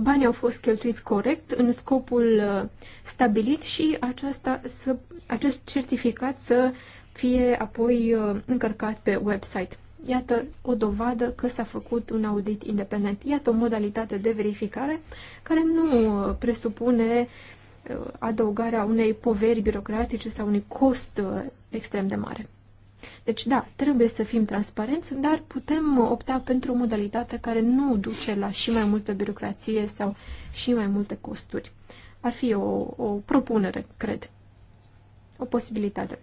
banii au fost cheltuiți corect în scopul uh, stabilit și aceasta, să, acest certificat să fie apoi uh, încărcat pe website. Iată o dovadă că s-a făcut un audit independent. Iată o modalitate de verificare care nu uh, presupune uh, adăugarea unei poveri birocratice sau unui cost uh, extrem de mare. Deci, da, trebuie să fim transparenți, dar putem opta pentru o modalitate care nu duce la și mai multă birocrație sau și mai multe costuri. Ar fi o, o propunere, cred. O posibilitate.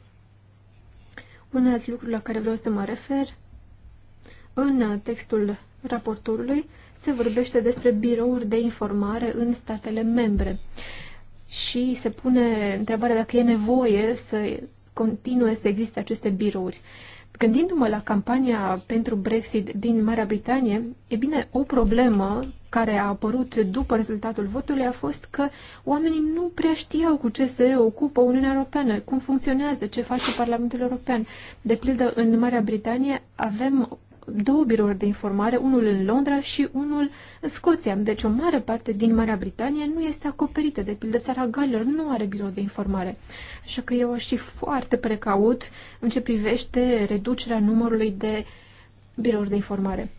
Un alt lucru la care vreau să mă refer în textul raportorului se vorbește despre birouri de informare în statele membre și se pune întrebarea dacă e nevoie să continue să existe aceste birouri. Gândindu-mă la campania pentru Brexit din Marea Britanie, e bine, o problemă care a apărut după rezultatul votului a fost că oamenii nu prea știau cu ce se ocupă Uniunea Europeană, cum funcționează, ce face Parlamentul European. De pildă, în Marea Britanie avem două birouri de informare, unul în Londra și unul în Scoția. Deci o mare parte din Marea Britanie nu este acoperită. De pildă, țara Galler nu are birou de informare. Așa că eu aș fi foarte precaut în ce privește reducerea numărului de birouri de informare.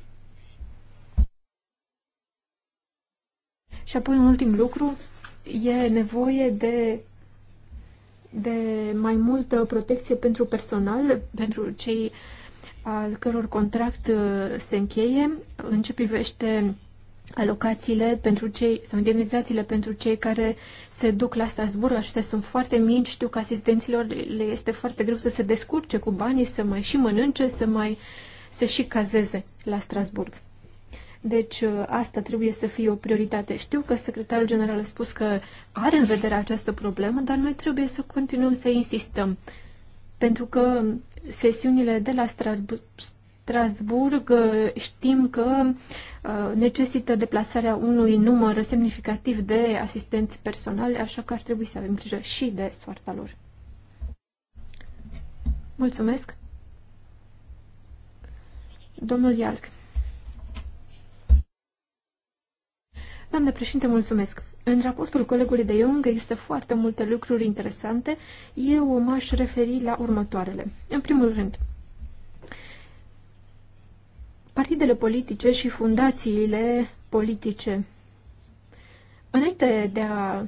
Și apoi un ultim lucru, e nevoie de de mai multă protecție pentru personal, pentru cei uh, al căror contract uh, se încheie în ce privește alocațiile pentru cei sau indemnizațiile pentru cei care se duc la Strasburg, acestea sunt foarte mici, știu că asistenților le este foarte greu să se descurce cu banii, să mai și mănânce, să mai se și cazeze la Strasburg. Deci uh, asta trebuie să fie o prioritate. Știu că secretarul general a spus că are în vedere această problemă, dar noi trebuie să continuăm să insistăm pentru că sesiunile de la Strasburg, Strasburg uh, știm că uh, necesită deplasarea unui număr semnificativ de asistenți personali, așa că ar trebui să avem grijă și de soarta lor. Mulțumesc. Domnul Ialc. Doamne președinte, mulțumesc. În raportul colegului de Young există foarte multe lucruri interesante. Eu m-aș referi la următoarele. În primul rând, partidele politice și fundațiile politice. Înainte de a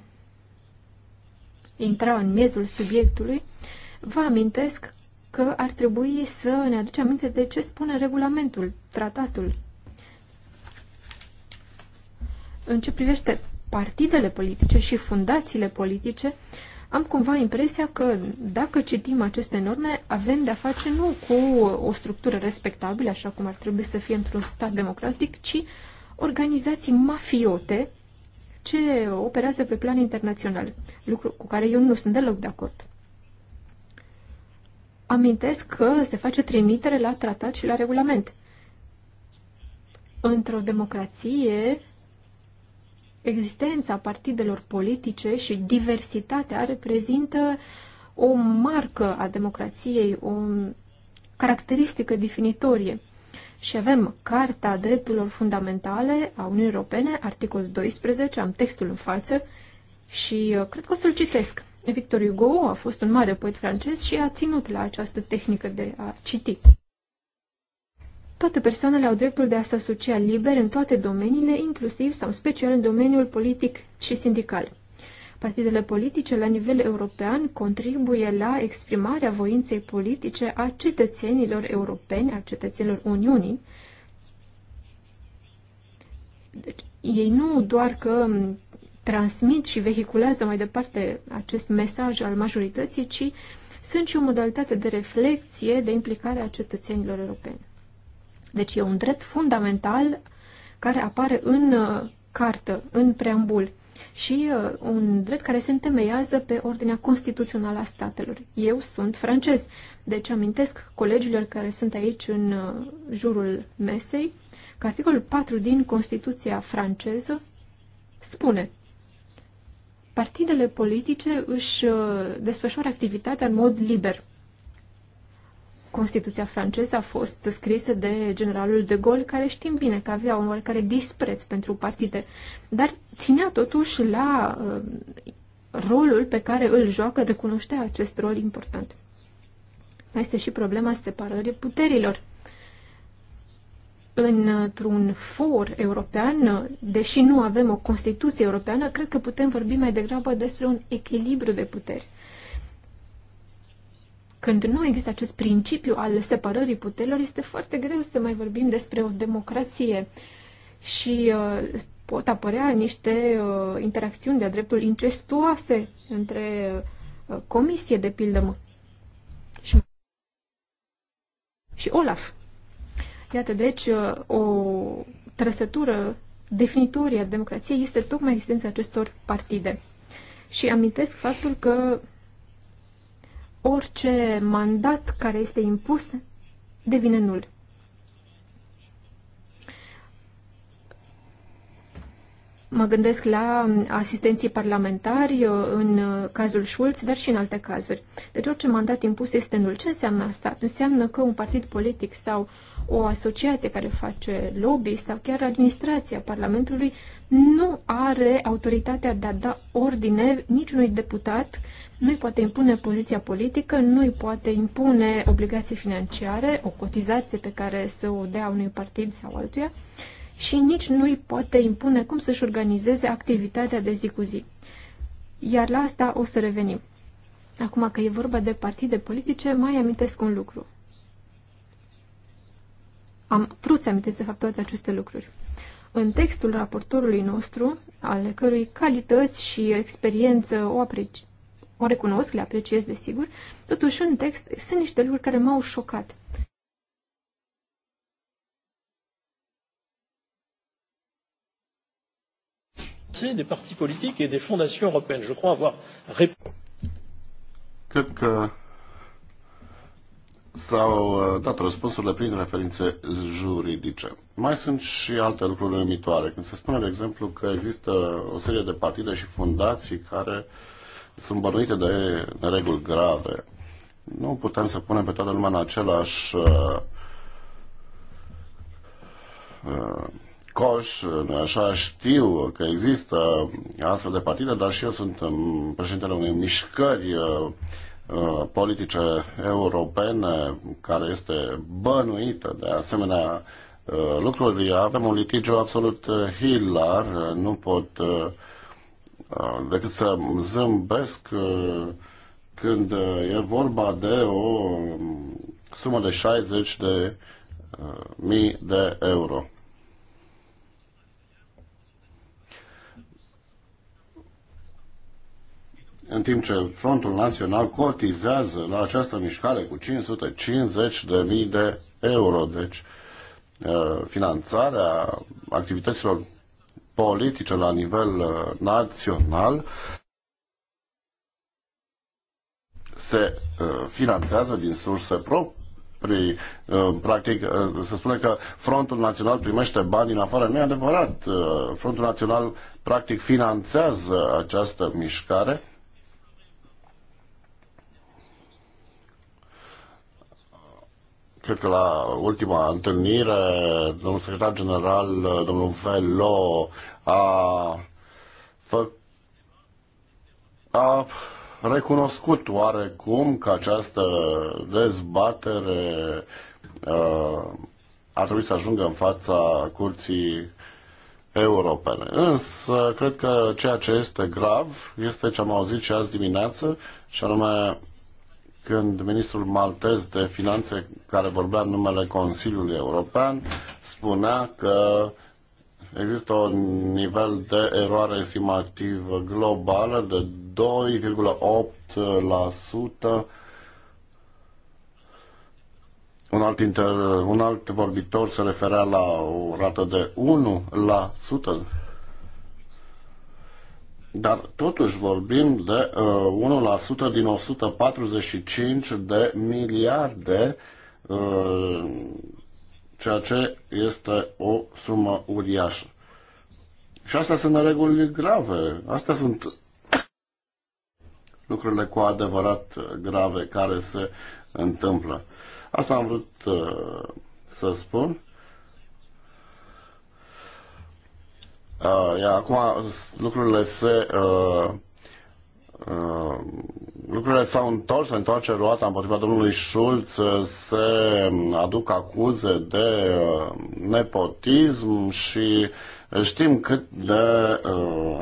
intra în miezul subiectului, vă amintesc că ar trebui să ne aducem aminte de ce spune regulamentul, tratatul. În ce privește partidele politice și fundațiile politice, am cumva impresia că dacă citim aceste norme, avem de-a face nu cu o structură respectabilă, așa cum ar trebui să fie într-un stat democratic, ci organizații mafiote ce operează pe plan internațional, lucru cu care eu nu sunt deloc de acord. Amintesc că se face trimitere la tratat și la regulament. Într-o democrație, Existența partidelor politice și diversitatea reprezintă o marcă a democrației, o caracteristică definitorie. Și avem Carta Drepturilor Fundamentale a Uniunii Europene, articolul 12, am textul în față și uh, cred că o să-l citesc. Victor Hugo a fost un mare poet francez și a ținut la această tehnică de a citi. Toate persoanele au dreptul de a se asocia liber în toate domeniile, inclusiv sau special în domeniul politic și sindical. Partidele politice la nivel european contribuie la exprimarea voinței politice a cetățenilor europeni, a cetățenilor Uniunii. Deci, ei nu doar că transmit și vehiculează mai departe acest mesaj al majorității, ci sunt și o modalitate de reflexie, de implicare a cetățenilor europeni. Deci e un drept fundamental care apare în uh, cartă, în preambul și uh, un drept care se întemeiază pe ordinea constituțională a statelor. Eu sunt francez, deci amintesc colegilor care sunt aici în uh, jurul mesei că articolul 4 din Constituția franceză spune Partidele politice își desfășoară activitatea în mod liber. Constituția franceză a fost scrisă de generalul de Gaulle, care știm bine că avea un oarecare dispreț pentru partide, dar ținea totuși la uh, rolul pe care îl joacă, recunoștea acest rol important. Mai este și problema separării puterilor. Într-un for european, deși nu avem o Constituție europeană, cred că putem vorbi mai degrabă despre un echilibru de puteri. Când nu există acest principiu al separării puterilor, este foarte greu să mai vorbim despre o democrație și uh, pot apărea niște uh, interacțiuni de-a dreptul incestuoase între uh, comisie, de pildă, și, și Olaf. Iată, deci, uh, o trăsătură definitorie a democrației este tocmai existența acestor partide. Și amintesc faptul că orice mandat care este impus devine nul. Mă gândesc la asistenții parlamentari uh, în uh, cazul Schulz, dar și în alte cazuri. Deci orice mandat impus este nul. Ce înseamnă asta? Înseamnă că un partid politic sau o asociație care face lobby sau chiar administrația Parlamentului nu are autoritatea de a da ordine niciunui deputat, nu îi poate impune poziția politică, nu îi poate impune obligații financiare, o cotizație pe care să o dea unui partid sau altuia și nici nu îi poate impune cum să-și organizeze activitatea de zi cu zi. Iar la asta o să revenim. Acum că e vorba de partide politice, mai amintesc un lucru am vrut să amintesc, de fapt, toate aceste lucruri. În textul raportorului nostru, ale cărui calități și experiență o, apreci- o recunosc, le apreciez, desigur, totuși în text sunt niște lucruri care m-au șocat. des partis politici și des fondations europene. Je crois avoir Cred că s-au uh, dat răspunsurile prin referințe juridice. Mai sunt și alte lucruri uimitoare. Când se spune, de exemplu, că există o serie de partide și fundații care sunt bănuite de reguli grave. Nu putem să punem pe toată lumea în același uh, uh, coș, așa știu că există astfel de partide, dar și eu sunt um, președintele unei mișcări Uh, politice europene care este bănuită de asemenea uh, lucruri. Avem un litigiu absolut uh, hilar, nu pot decât să zâmbesc când e vorba de o um, sumă de 60 de mii de euro. în timp ce Frontul Național cotizează la această mișcare cu 550.000 de de euro. Deci, uh, finanțarea activităților politice la nivel uh, național se uh, finanțează din surse proprii. Practic, se spune că Frontul Național primește bani în afară. Nu e adevărat. Frontul Național practic finanțează această mișcare Cred că la ultima întâlnire, domnul secretar general, domnul Velo, a, fă, a recunoscut oarecum că această dezbatere uh, ar trebui să ajungă în fața curții europene. Însă, cred că ceea ce este grav este ce am auzit și azi dimineață, și anume când ministrul maltez de finanțe, care vorbea în numele Consiliului European, spunea că există un nivel de eroare estimativ globală de 2,8%. Un alt, inter, un alt vorbitor se referea la o rată de 1%. Dar totuși vorbim de uh, 1% din 145 de miliarde, uh, ceea ce este o sumă uriașă. Și astea sunt reguli grave. Astea sunt lucrurile cu adevărat grave care se întâmplă. Asta am vrut uh, să spun. Uh, ia, acum lucrurile se uh, Uh, lucrurile s-au întors, se întoarce roata împotriva domnului Schulz, uh, se um, aduc acuze de uh, nepotism și uh, știm cât de uh,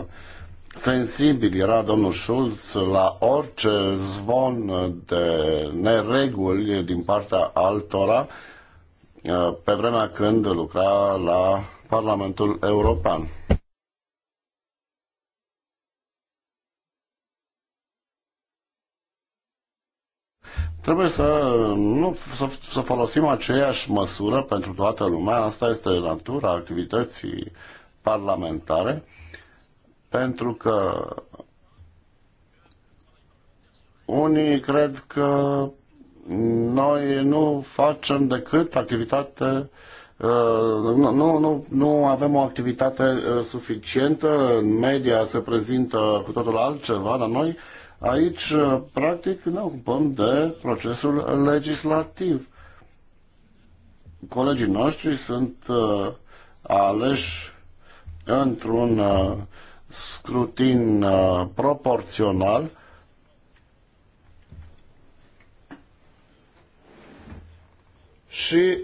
sensibil era domnul Schulz la orice zvon de nereguli din partea altora uh, pe vremea când lucra la Parlamentul European. Trebuie să, nu, să, să folosim aceeași măsură pentru toată lumea. Asta este natura activității parlamentare, pentru că unii cred că noi nu facem decât activitate uh, Uh, nu, nu, nu avem o activitate uh, suficientă, media se prezintă cu totul altceva, dar noi aici, uh, practic, ne ocupăm de procesul legislativ. Colegii noștri sunt aleși într-un scrutin proporțional și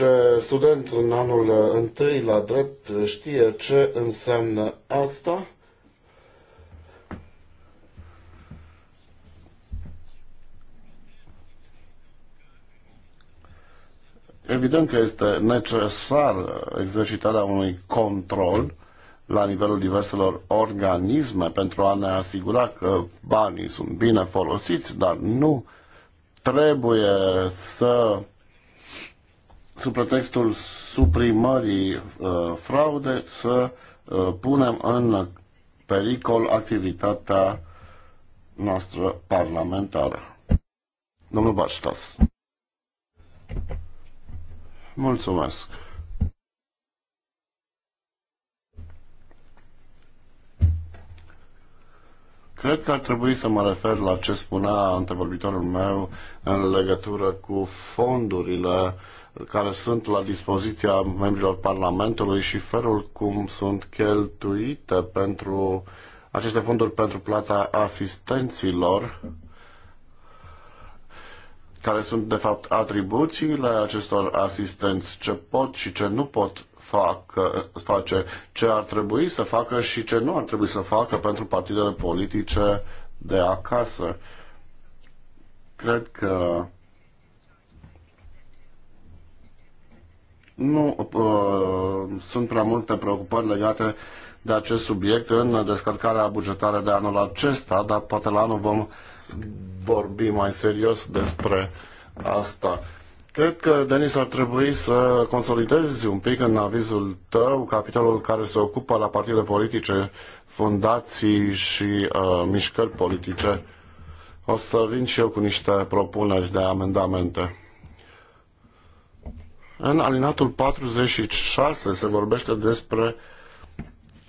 Orice student în anul întâi la drept știe ce înseamnă asta. Evident că este necesar exercitarea unui control la nivelul diverselor organisme pentru a ne asigura că banii sunt bine folosiți, dar nu trebuie să sub pretextul suprimării uh, fraude, să uh, punem în pericol activitatea noastră parlamentară. Domnul Baștas. Mulțumesc. Cred că ar trebui să mă refer la ce spunea antevorbitorul meu în legătură cu fondurile care sunt la dispoziția membrilor Parlamentului și felul cum sunt cheltuite pentru aceste fonduri pentru plata asistenților, care sunt de fapt atribuțiile acestor asistenți, ce pot și ce nu pot fac, face, ce ar trebui să facă și ce nu ar trebui să facă pentru partidele politice de acasă. Cred că Nu uh, sunt prea multe preocupări legate de acest subiect în descărcarea bugetară de anul acesta, dar poate la anul vom vorbi mai serios despre asta. Cred că, Denis, ar trebui să consolidezi un pic în avizul tău capitolul care se ocupă la partide politice, fundații și uh, mișcări politice. O să vin și eu cu niște propuneri de amendamente. În alinatul 46 se vorbește despre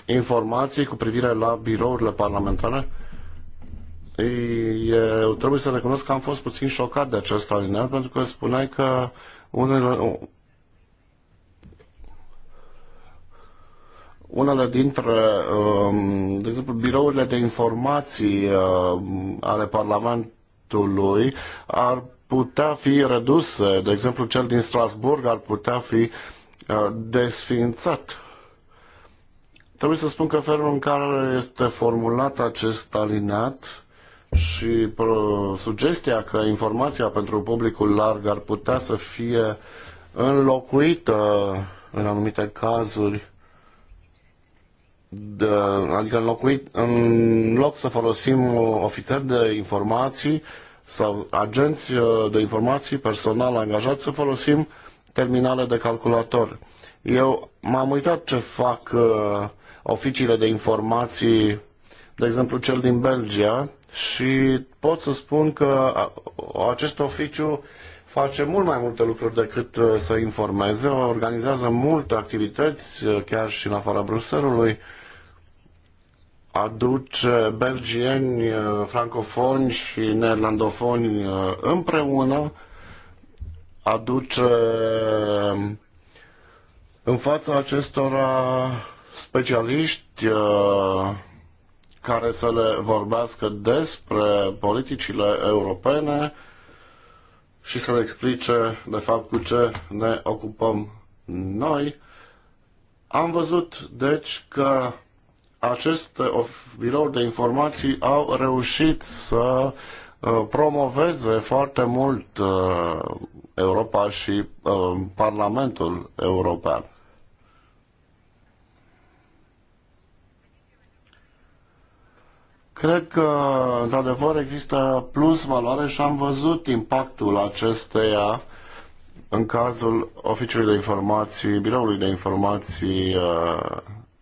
informații cu privire la birourile parlamentare. Eu trebuie să recunosc că am fost puțin șocat de acest alinat, pentru că spuneai că unele, unele dintre, um, de exemplu, birourile de informații um, ale Parlamentului ar putea fi redusă, De exemplu, cel din Strasburg ar putea fi uh, desfințat. Trebuie să spun că felul în care este formulat acest alinat și uh, sugestia că informația pentru publicul larg ar putea să fie înlocuită în anumite cazuri de, adică înlocuit, în loc să folosim ofițeri de informații, uh, sau agenți uh, de informații personal angajați să folosim terminale de calculator. Eu m-am uitat ce fac uh, oficiile de informații, de exemplu cel din Belgia, și pot să spun că uh, acest oficiu face mult mai multe lucruri decât uh, să informeze, organizează multe activități, chiar și în afara Bruselului, aduce belgieni, uh, francofoni și neerlandofoni uh, împreună, aduce uh, în fața acestora specialiști care să le vorbească despre politicile europene și să le explice de fapt cu ce ne ocupăm noi. Am văzut deci că aceste birouri de informații au reușit să uh, promoveze foarte mult uh, Europa și uh, Parlamentul European. Cred că, într-adevăr, există plus valoare și am văzut impactul acesteia în cazul Oficiului de Informații, Biroului de Informații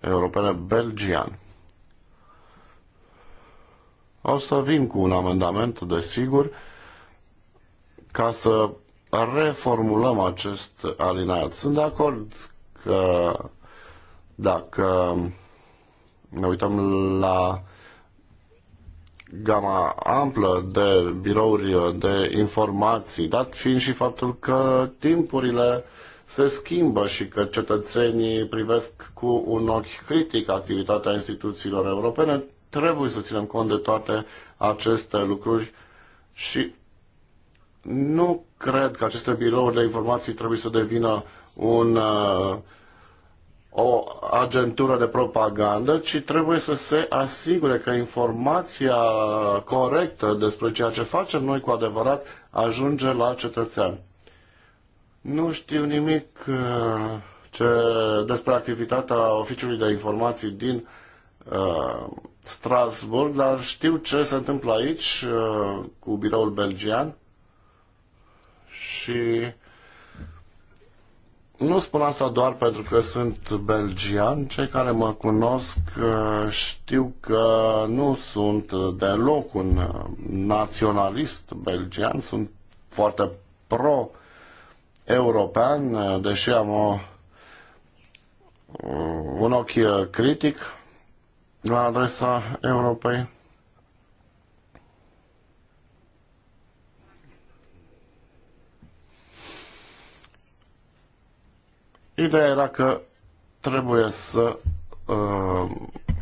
Europene belgian. O să vin cu un amendament, desigur, ca să reformulăm acest alineat. Sunt de acord că dacă ne uităm la gama amplă de birouri de informații, dat fiind și faptul că timpurile se schimbă și că cetățenii privesc cu un ochi critic activitatea instituțiilor europene, trebuie să ținem cont de toate aceste lucruri și nu cred că aceste birouri de informații trebuie să devină un, uh, o agentură de propagandă, ci trebuie să se asigure că informația corectă despre ceea ce facem noi cu adevărat ajunge la cetățean. Nu știu nimic uh, ce, despre activitatea Oficiului de Informații din uh, Strasburg, dar știu ce se întâmplă aici uh, cu biroul belgian și nu spun asta doar pentru că sunt belgian. Cei care mă cunosc uh, știu că nu sunt deloc un uh, naționalist belgian, sunt foarte pro european, deși am o, un ochi critic la adresa Europei. Ideea era că trebuie să uh,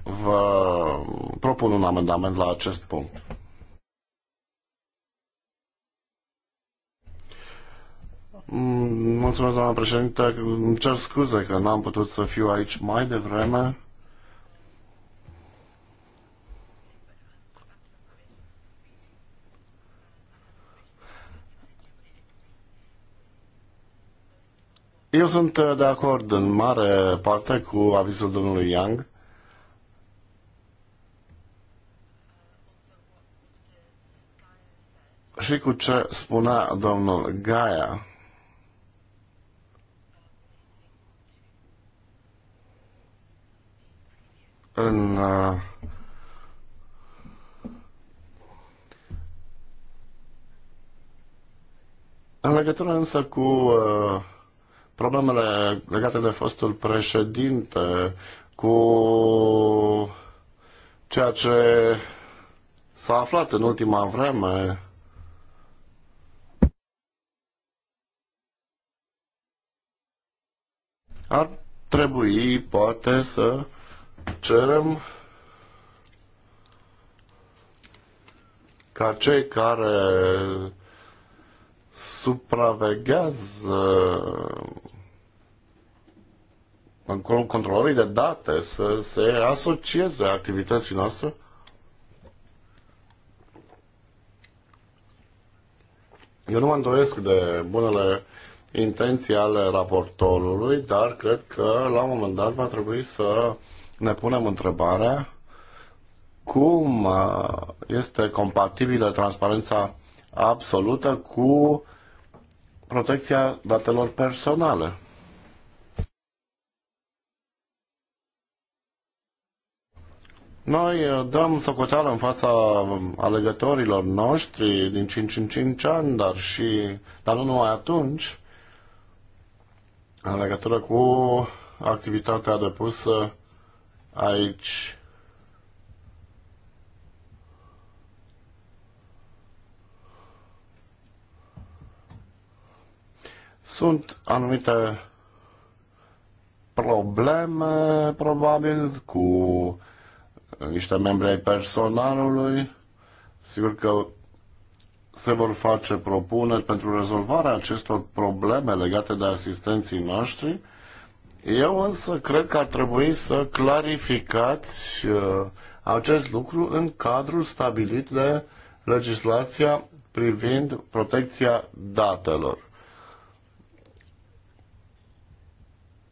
vă propun un amendament la acest punct. Mulțumesc, doamna președinte. Îmi cer scuze că n-am putut să fiu aici mai devreme. Eu sunt uh, de acord în mare parte cu avizul domnului Yang. Și cu ce spunea domnul Gaia. în uh, în legătură însă cu uh, problemele legate de fostul președinte, cu ceea ce s-a aflat în ultima vreme ar trebui, poate, să cerem ca cei care supraveghează controlării de date să se asocieze activității noastre Eu nu mă îndoiesc de bunele intenții ale raportorului, dar cred că la un moment dat va trebui să ne punem întrebarea cum uh, este compatibilă transparența absolută cu protecția datelor personale. Noi uh, dăm socoteală în fața um, alegătorilor noștri din 5 în 5 ani, dar, și, dar nu numai atunci, în legătură cu activitatea depusă Aici sunt anumite probleme, probabil, cu niște membri ai personalului. Sigur că se vor face propuneri pentru rezolvarea acestor probleme legate de asistenții noștri eu însă cred că ar trebui să clarificați uh, acest lucru în cadrul stabilit de legislația privind protecția datelor.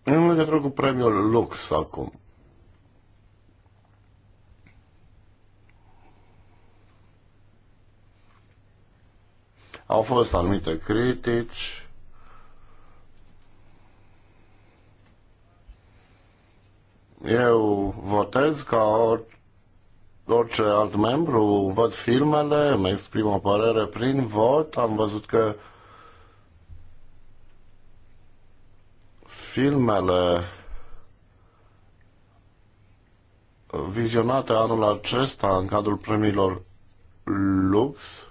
În legătură cu premiul Lux acum. Au fost anumite critici Eu votez ca orice alt membru, văd filmele, îmi exprim o părere prin vot, am văzut că filmele vizionate anul acesta în cadrul premiilor Lux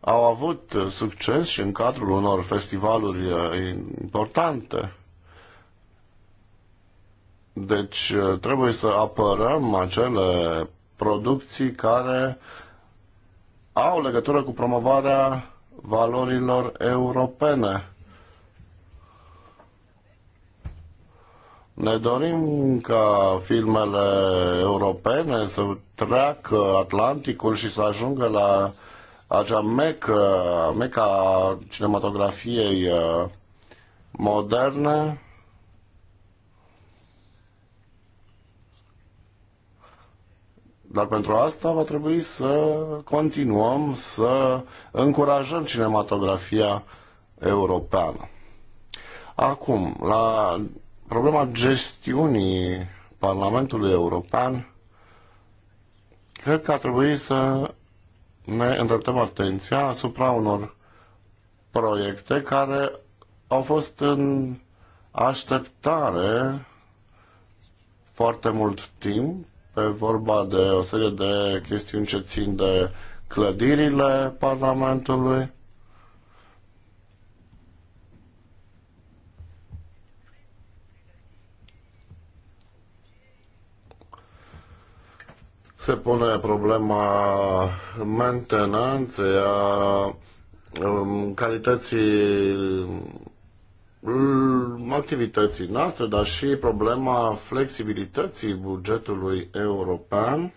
au avut succes și în cadrul unor festivaluri eh, importante. Deci uh, trebuie să apărăm acele producții care au legătură cu promovarea valorilor europene. Ne dorim ca filmele europene să treacă Atlanticul și să ajungă la acea mecă, meca cinematografiei uh, moderne Dar pentru asta va trebui să continuăm să încurajăm cinematografia europeană. Acum, la problema gestiunii Parlamentului European, cred că ar trebui să ne îndreptăm atenția asupra unor proiecte care au fost în așteptare foarte mult timp pe vorba de o serie de chestiuni ce țin de clădirile Parlamentului. Se pune problema mentenanței a um, calității Mm, activității noastre, dar și problema flexibilității bugetului european.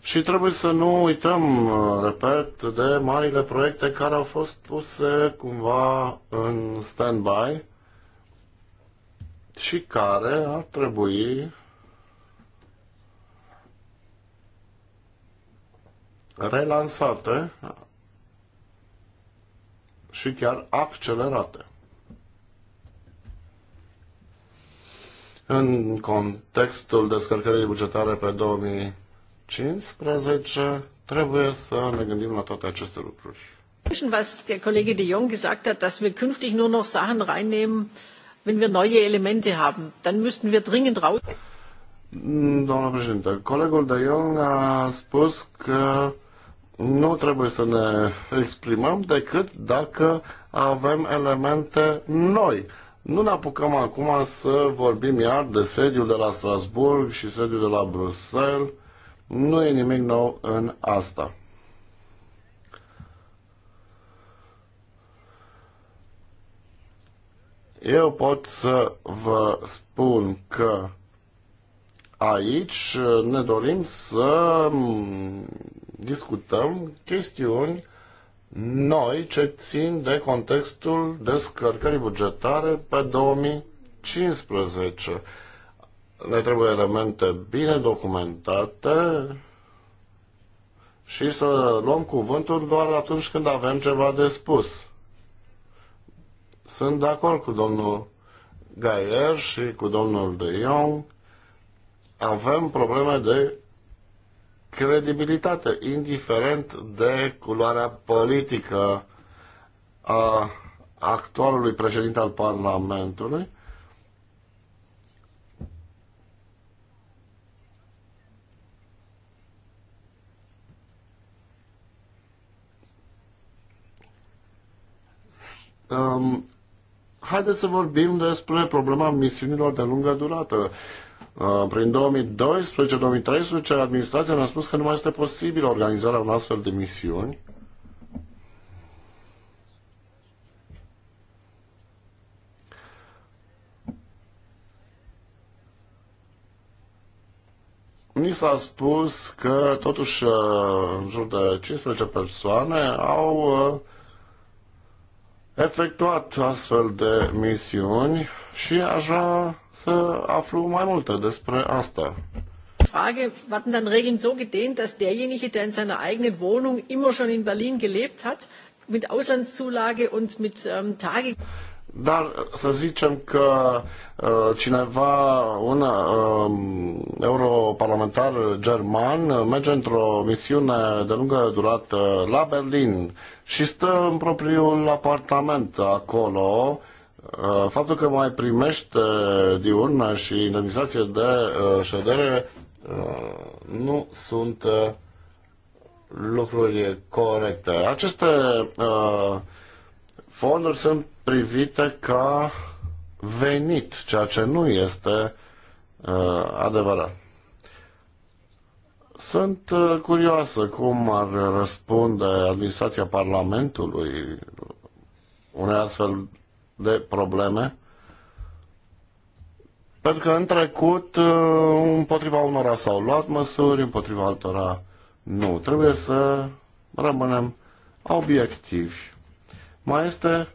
Și trebuie să nu uităm, uh, repet, de marile proiecte care au fost puse cumva în stand-by și care ar trebui relansate și chiar accelerate. În contextul descărcării bugetare pe 2015, trebuie să ne gândim la toate aceste lucruri. Was der Kollege de Jong gesagt hat, dass wir künftig nur noch Sachen reinnehmen, wenn wir neue Elemente haben, dann müssten wir dringend raus. Doamna președinte, colegul de Jong a spus că nu trebuie să ne exprimăm decât dacă avem elemente noi. Nu ne apucăm acum să vorbim iar de sediul de la Strasburg și sediul de la Bruxelles. Nu e nimic nou în asta. Eu pot să vă spun că aici ne dorim să discutăm chestiuni noi ce țin de contextul descărcării bugetare pe 2015. Ne trebuie elemente bine documentate și să luăm cuvântul doar atunci când avem ceva de spus. Sunt de acord cu domnul Gaier și cu domnul De Jong. Avem probleme de credibilitate, indiferent de culoarea politică a actualului președinte al Parlamentului. Um, haideți să vorbim despre problema misiunilor de lungă durată. Uh, prin 2012-2013 administrația ne-a spus că nu mai este posibil organizarea unor astfel de misiuni. Mi s-a spus că totuși uh, în jur de 15 persoane au uh, efectuat astfel de misiuni și aș vrea să aflu mai multe despre asta. Frage, waren dann Regeln so gedehnt, dass derjenige, der in seiner eigenen Wohnung immer schon in Berlin gelebt hat, mit Auslandszulage und mit ähm, Tage... Dar să zicem că uh, cineva, un uh, europarlamentar german, uh, merge într-o misiune de lungă durată la Berlin și stă în propriul apartament acolo. Uh, faptul că mai primește diurnă și indemnizație de uh, ședere uh, nu sunt uh, lucruri corecte. Aceste uh, fonduri sunt privite ca venit, ceea ce nu este uh, adevărat. Sunt uh, curioasă cum ar răspunde administrația Parlamentului unei astfel de probleme, pentru că în trecut uh, împotriva unora s-au luat măsuri, împotriva altora nu. Trebuie să rămânem obiectivi. Mai este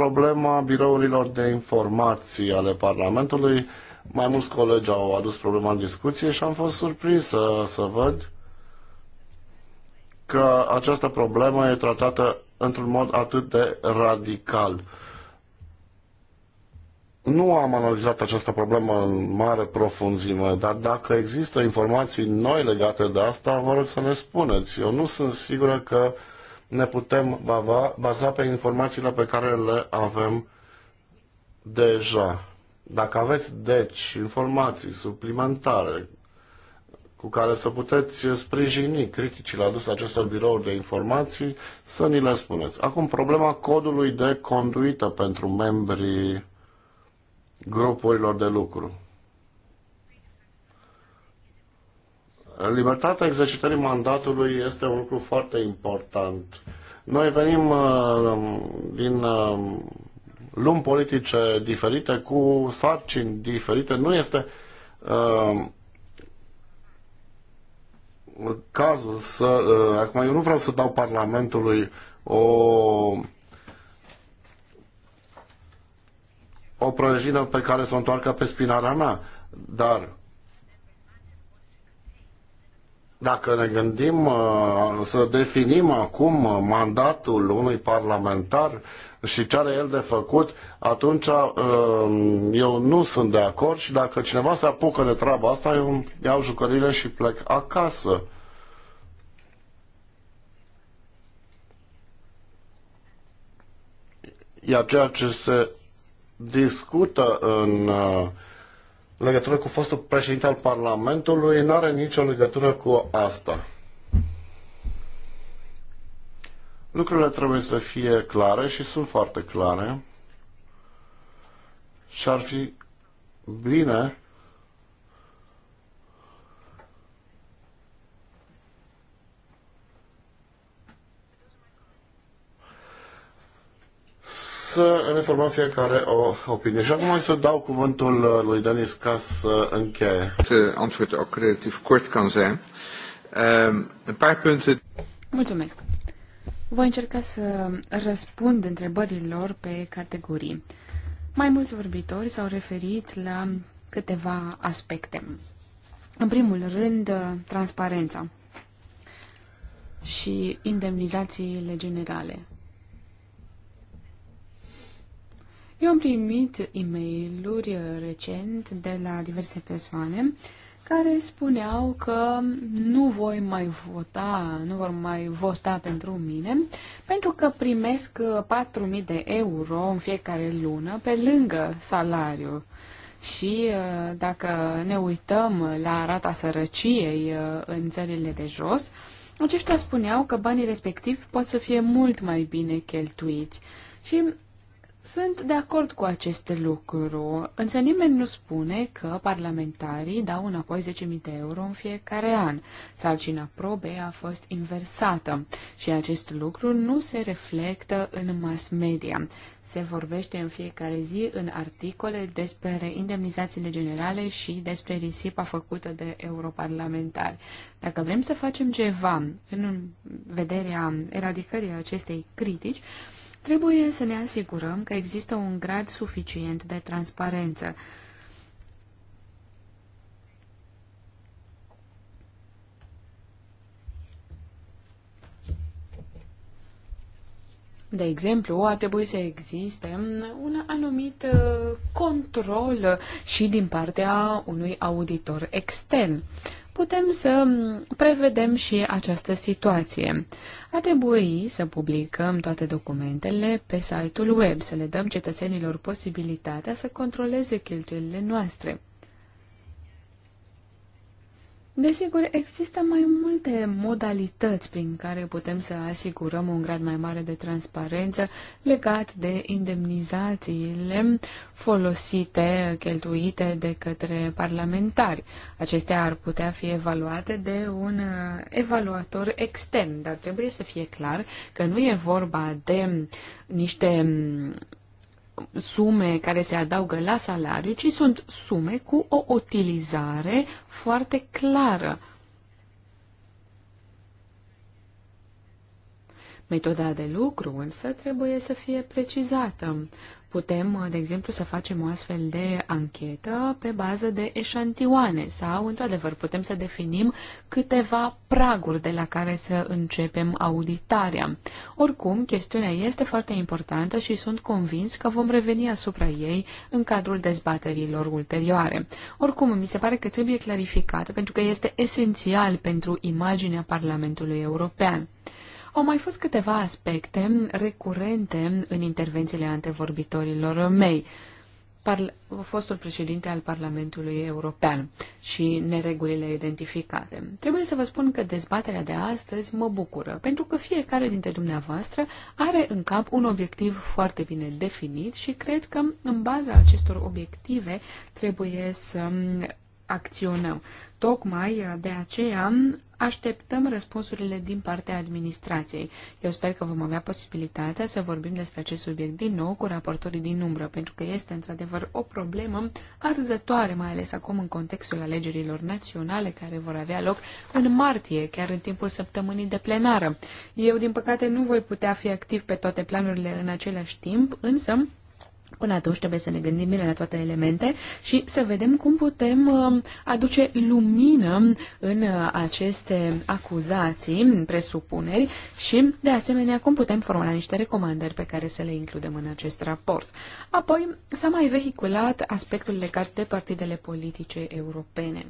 problema birourilor de informații ale Parlamentului. Mai mulți colegi au adus problema în discuție și am fost surprins să, să văd că această problemă e tratată într-un mod atât de radical. Nu am analizat această problemă în mare profunzime, dar dacă există informații noi legate de asta, vă rog să ne spuneți. Eu nu sunt sigură că uh, ne putem baza pe informațiile pe care le avem deja. Dacă aveți, deci, informații suplimentare cu care să puteți sprijini criticile aduse acestor birouri de informații, să ni le spuneți. Acum, problema codului de conduită pentru membrii grupurilor de lucru. Libertatea exercitării mandatului este un lucru foarte important. Noi venim uh, din uh, lumi politice diferite, cu sarcini diferite. Nu este uh, cazul să... Acum, eu nu vreau să dau Parlamentului o o prăjină pe care să o întoarcă pe spinarea mea, dar dacă ne gândim uh, să definim acum mandatul unui parlamentar și ce are el de făcut, atunci uh, eu nu sunt de acord și dacă cineva se apucă de treaba asta, eu îmi iau jucările și plec acasă. Iar ceea ce se discută în uh, legătură cu fostul președinte al Parlamentului, nu are nicio legătură cu asta. Lucrurile trebuie să fie clare și sunt foarte clare și ar fi bine să ne formăm fiecare o opinie. Și acum să dau cuvântul uh, lui Denis ca să încheie. Antwoord ook relatief kort kan zijn. Um, paar punten. Mulțumesc. Voi încerca să răspund întrebărilor pe categorii. Mai mulți vorbitori s-au referit la câteva aspecte. În primul rând, uh, transparența și indemnizațiile generale. Eu am primit e mail uh, recent de la diverse persoane care spuneau că nu voi mai vota, nu vor mai vota pentru mine, pentru că primesc 4.000 uh, de euro în fiecare lună pe lângă salariu. Și uh, dacă ne uităm la rata sărăciei în țările de jos, aceștia spuneau că banii respectivi pot să fie mult mai bine cheltuiți. Și sunt de acord cu acest lucru, însă nimeni nu spune că parlamentarii dau înapoi 10.000 de euro în fiecare an. Salcina probei a fost inversată și acest lucru nu se reflectă în mass media. Se vorbește în fiecare zi în articole despre indemnizațiile generale și despre risipa făcută de europarlamentari. Dacă vrem să facem ceva în vederea eradicării acestei critici, Trebuie să ne asigurăm că există un grad suficient de transparență. De exemplu, ar trebui să existe un anumit uh, control și din partea unui auditor extern putem să prevedem și această situație. A trebui să publicăm toate documentele pe site-ul web, să le dăm cetățenilor posibilitatea să controleze cheltuielile noastre. Desigur, există mai multe modalități prin care putem să asigurăm un grad mai mare de transparență legat de indemnizațiile folosite, cheltuite de către parlamentari. Acestea ar putea fi evaluate de un uh, evaluator extern, dar trebuie să fie clar că nu e vorba de niște sume care se adaugă la salariu, ci sunt sume cu o utilizare foarte clară. Metoda de lucru însă trebuie să fie precizată. Putem, de exemplu, să facem o astfel de anchetă pe bază de eșantioane sau, într-adevăr, putem să definim câteva praguri de la care să începem auditarea. Oricum, chestiunea este foarte importantă și sunt convins că vom reveni asupra ei în cadrul dezbaterilor ulterioare. Oricum, mi se pare că trebuie clarificată pentru că este esențial pentru imaginea Parlamentului European. Au mai fost câteva aspecte recurente în intervențiile antevorbitorilor mei. Parla fostul președinte al Parlamentului European și neregulile identificate. Trebuie să vă spun că dezbaterea de astăzi mă bucură, pentru că fiecare dintre dumneavoastră are în cap un obiectiv foarte bine definit și cred că în baza acestor obiective trebuie să acționăm. Tocmai de aceea așteptăm răspunsurile din partea administrației. Eu sper că vom avea posibilitatea să vorbim despre acest subiect din nou cu raportorii din umbră, pentru că este într-adevăr o problemă arzătoare, mai ales acum în contextul alegerilor naționale care vor avea loc în martie, chiar în timpul săptămânii de plenară. Eu, din păcate, nu voi putea fi activ pe toate planurile în același timp, însă Până atunci trebuie să ne gândim bine la toate elemente și să vedem cum putem um, aduce lumină în uh, aceste acuzații, presupuneri și, de asemenea, cum putem formula niște recomandări pe care să le includem în acest raport. Apoi s-a mai vehiculat aspectul legat de partidele politice europene.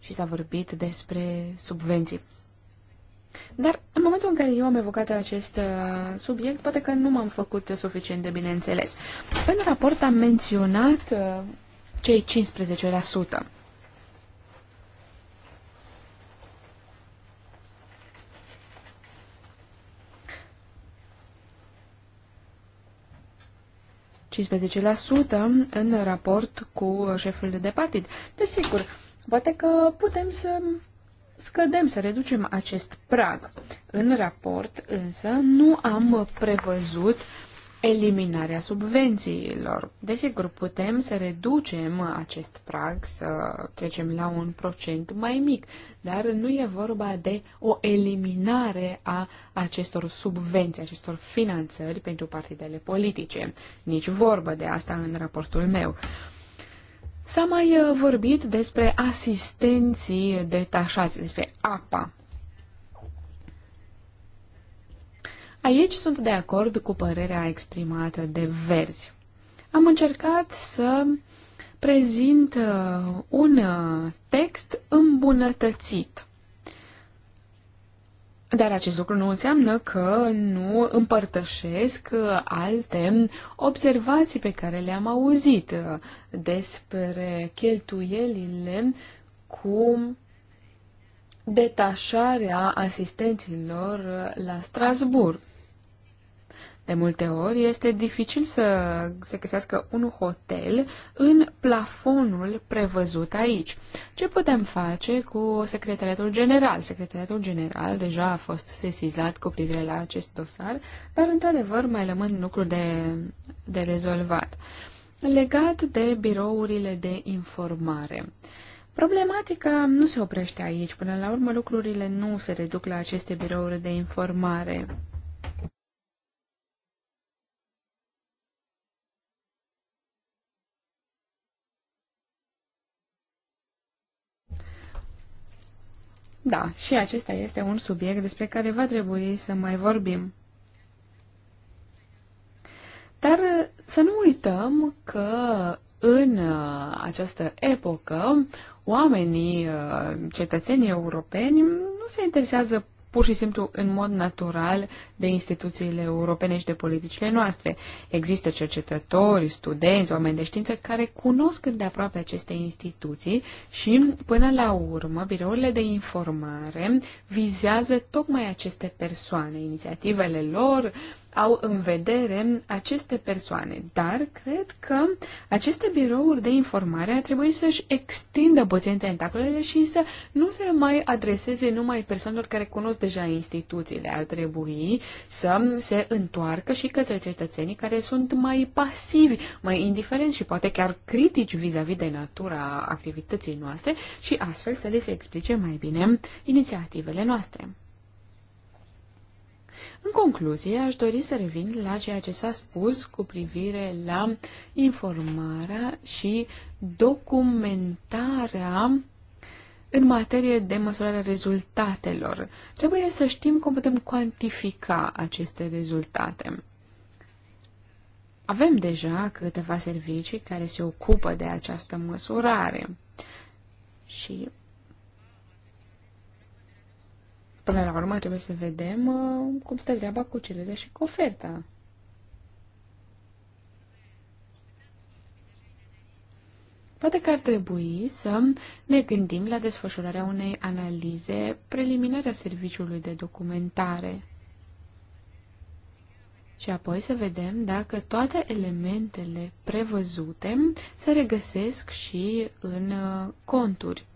Și s-a vorbit despre subvenții. Dar în momentul în care eu am evocat acest uh, subiect, poate că nu m-am făcut suficient de bine înțeles. În raport am menționat uh, cei 15%. în raport cu șeful de partid. Desigur, poate că putem să scădem, să reducem acest prag. În raport însă nu am prevăzut eliminarea subvențiilor. Desigur, putem să reducem acest prag, să trecem la un procent mai mic, dar nu e vorba de o eliminare a acestor subvenții, acestor finanțări pentru partidele politice. Nici vorbă de asta în raportul meu. S-a mai uh, vorbit despre asistenții detașați, despre APA. Aici sunt de acord cu părerea exprimată de Verzi. Am încercat să prezint uh, un uh, text îmbunătățit. Dar acest lucru nu înseamnă că nu împărtășesc uh, alte observații pe care le-am auzit uh, despre cheltuielile cu detașarea asistenților uh, la Strasburg. De multe ori este dificil să se găsească un hotel în plafonul prevăzut aici. Ce putem face cu secretariatul general? Secretariatul general deja a fost sesizat cu privire la acest dosar, dar într-adevăr mai rămân lucruri de, de rezolvat. Legat de birourile de informare. Problematica nu se oprește aici. Până la urmă, lucrurile nu se reduc la aceste birouri de informare. Da, și acesta este un subiect despre care va trebui să mai vorbim. Dar să nu uităm că în uh, această epocă, oamenii, uh, cetățenii europeni, nu se interesează pur și simplu în mod natural de instituțiile europene și de politicile noastre. Există cercetători, studenți, oameni de știință care cunosc de aproape aceste instituții și, până la urmă, birourile de informare vizează tocmai aceste persoane, inițiativele lor, uh, au în vedere aceste persoane, dar cred că aceste birouri de informare ar trebui să-și extindă puțin tentaculele și să nu se mai adreseze numai persoanelor care cunosc deja instituțiile. Ar trebui să se întoarcă și către cetățenii care sunt mai pasivi, mai indiferenți și poate chiar critici vis-a-vis -vis de natura activității noastre și astfel să le se explice mai bine inițiativele noastre. În concluzie, aș dori să revin la ceea ce s-a spus cu privire la informarea și documentarea în materie de măsurarea rezultatelor. Trebuie să știm cum putem cuantifica aceste rezultate. Avem deja câteva servicii care se ocupă de această măsurare și Până la urmă trebuie să vedem uh, cum stă treaba cu cererea și cu oferta. Poate că ar trebui să ne gândim la desfășurarea unei analize preliminare a serviciului de documentare. Și apoi să vedem dacă toate elementele prevăzute se regăsesc și în uh, conturi.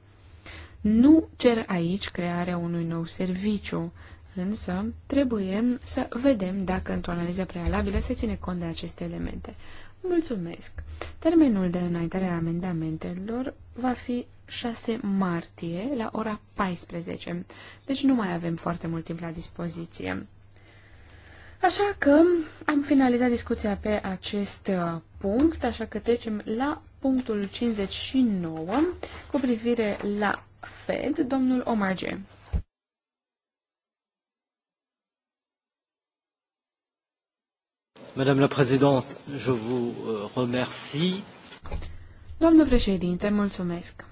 Nu cer aici crearea unui nou serviciu, însă trebuie să vedem dacă într-o analiză prealabilă se ține cont de aceste elemente. Mulțumesc! Termenul de înaintare a amendamentelor va fi 6 martie la ora 14, deci nu mai avem foarte mult timp la dispoziție. Așa că am finalizat discuția pe acest uh, punct, așa că trecem la punctul 59 cu privire la Fed, domnul Omage. Madame la Présidente, je vous euh, remercie. Domnul președinte, mulțumesc.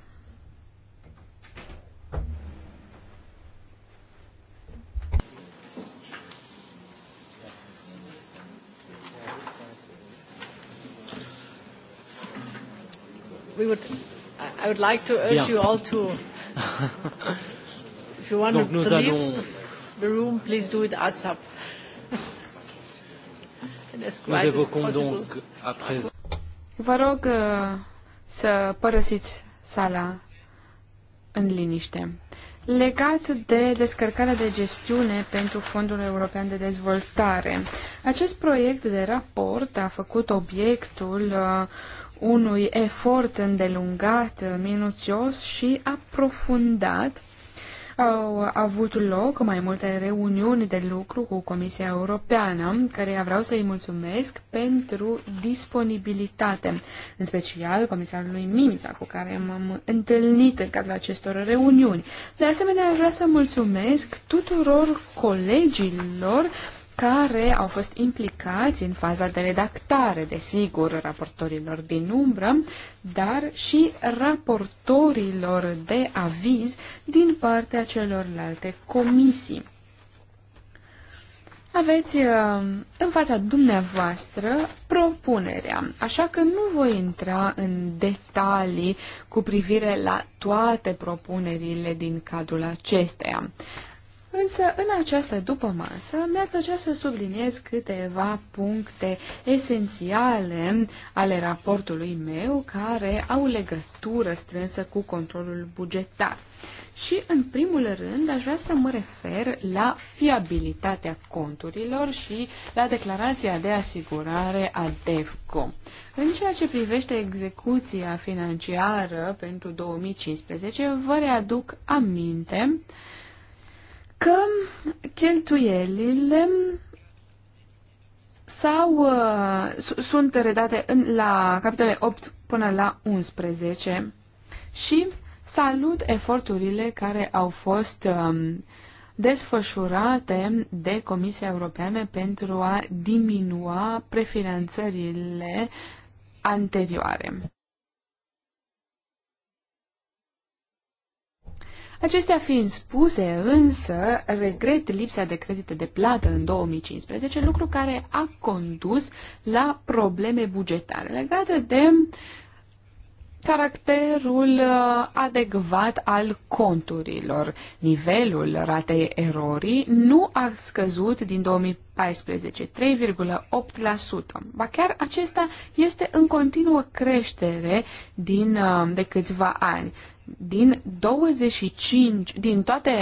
We would, I would like to urge you all to If you want Donc to nous leave allons... the room, please do it ASAP. [laughs] Nous évoquons donc à présent. Vă rog uh, să părăsiți sala în liniște. Legat de descărcarea de gestiune pentru Fondul European de Dezvoltare, acest proiect de raport a făcut obiectul uh, unui efort îndelungat, uh, minuțios și aprofundat. Au avut loc mai multe reuniuni de lucru cu Comisia Europeană, care vreau să-i mulțumesc pentru disponibilitate, în special comisarului Mimița, cu care m-am întâlnit în cadrul acestor reuniuni. De asemenea, aș vrea să mulțumesc tuturor colegilor care au fost implicați în faza de redactare, desigur, raportorilor din umbră, dar și raportorilor de aviz din partea celorlalte comisii. Aveți uh, în fața dumneavoastră propunerea, așa că nu voi intra în detalii cu privire la toate propunerile din cadrul acesteia. Însă, în această dupămasă, mi-ar plăcea să subliniez câteva puncte esențiale ale raportului meu care au legătură strânsă cu controlul bugetar. Și, în primul rând, aș vrea să mă refer la fiabilitatea conturilor și la declarația de asigurare a DEFCO. În ceea ce privește execuția financiară pentru 2015, vă readuc aminte că cheltuielile sau uh, sunt redate în, la capitole 8 până la 11 și salut eforturile care au fost uh, desfășurate de Comisia Europeană pentru a diminua prefinanțările anterioare. Acestea fiind spuse, însă, regret lipsa de credite de plată în 2015, lucru care a condus la probleme bugetare legate de caracterul uh, adecvat al conturilor. Nivelul ratei erorii nu a scăzut din 2014, 3,8%. Ba chiar acesta este în continuă creștere din, uh, de câțiva ani. Din 25, din toate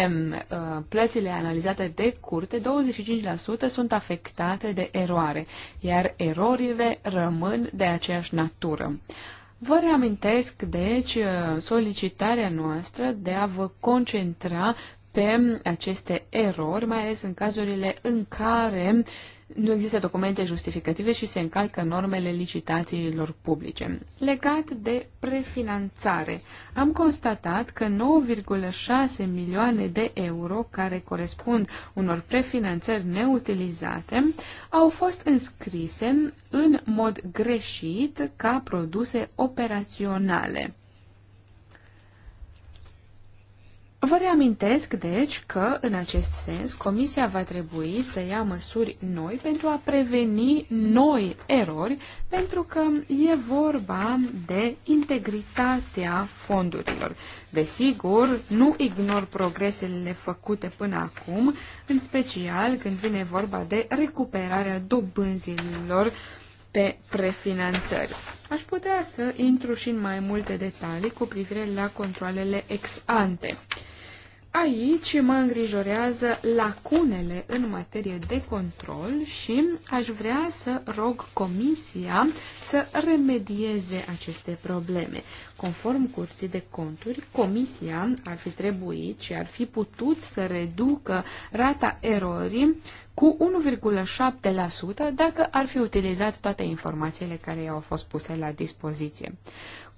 uh, plățile analizate de curte, 25% sunt afectate de eroare, iar erorile rămân de aceeași natură. Vă reamintesc, deci, uh, solicitarea noastră de a vă concentra pe aceste erori, mai ales în cazurile în care uh, nu există documente justificative și se încalcă normele licitațiilor publice. Legat de prefinanțare, am constatat că 9,6 milioane de euro care corespund unor prefinanțări neutilizate au fost înscrise în mod greșit ca produse operaționale. Vă reamintesc, deci, că, în acest sens, Comisia va trebui să ia măsuri noi pentru a preveni noi erori, pentru că e vorba de integritatea fondurilor. Desigur, nu ignor progresele făcute până acum, în special când vine vorba de recuperarea dobânzilor pe prefinanțări. Aș putea să intru și în mai multe detalii cu privire la controlele ex ante. Aici mă îngrijorează lacunele în materie de control și aș vrea să rog Comisia să remedieze aceste probleme. Conform Curții de Conturi, Comisia ar fi trebuit și ar fi putut să reducă rata erorii cu 1,7% dacă ar fi utilizat toate informațiile care i-au fost puse la dispoziție.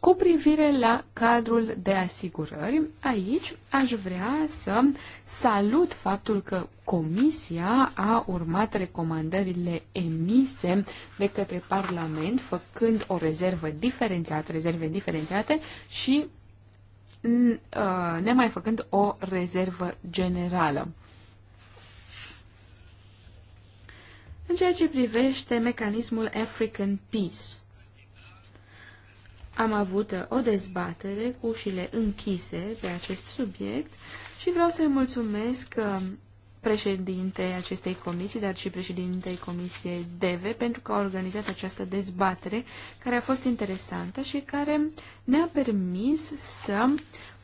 Cu privire la cadrul de asigurări, aici aș vrea să salut faptul că Comisia a urmat recomandările emise de către Parlament, făcând o rezervă diferențiată, rezerve diferențiate și mm, ă, nemai făcând o rezervă generală. În ceea ce privește mecanismul African Peace, am avut uh, o dezbatere cu ușile închise pe acest subiect și vreau să-i mulțumesc uh, președintei acestei comisii, dar și președintei Comisiei DEVE, pentru că a organizat această dezbatere care a fost interesantă și care ne-a permis să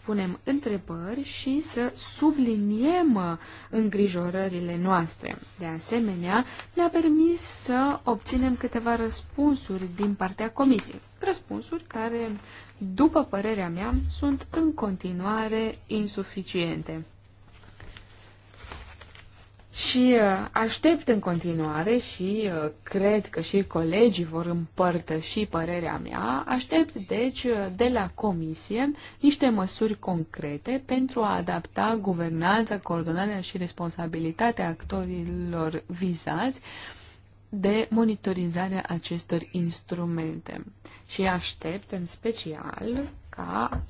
punem întrebări și să subliniem îngrijorările noastre. De asemenea, ne-a permis să obținem câteva răspunsuri din partea comisiei. Răspunsuri care, după părerea mea, sunt în continuare insuficiente. Și uh, aștept în continuare și uh, cred că și colegii vor împărtăși părerea mea, aștept deci uh, de la Comisie niște măsuri concrete pentru a adapta guvernanța, coordonarea și responsabilitatea actorilor vizați de monitorizarea acestor instrumente. Și aștept în special ca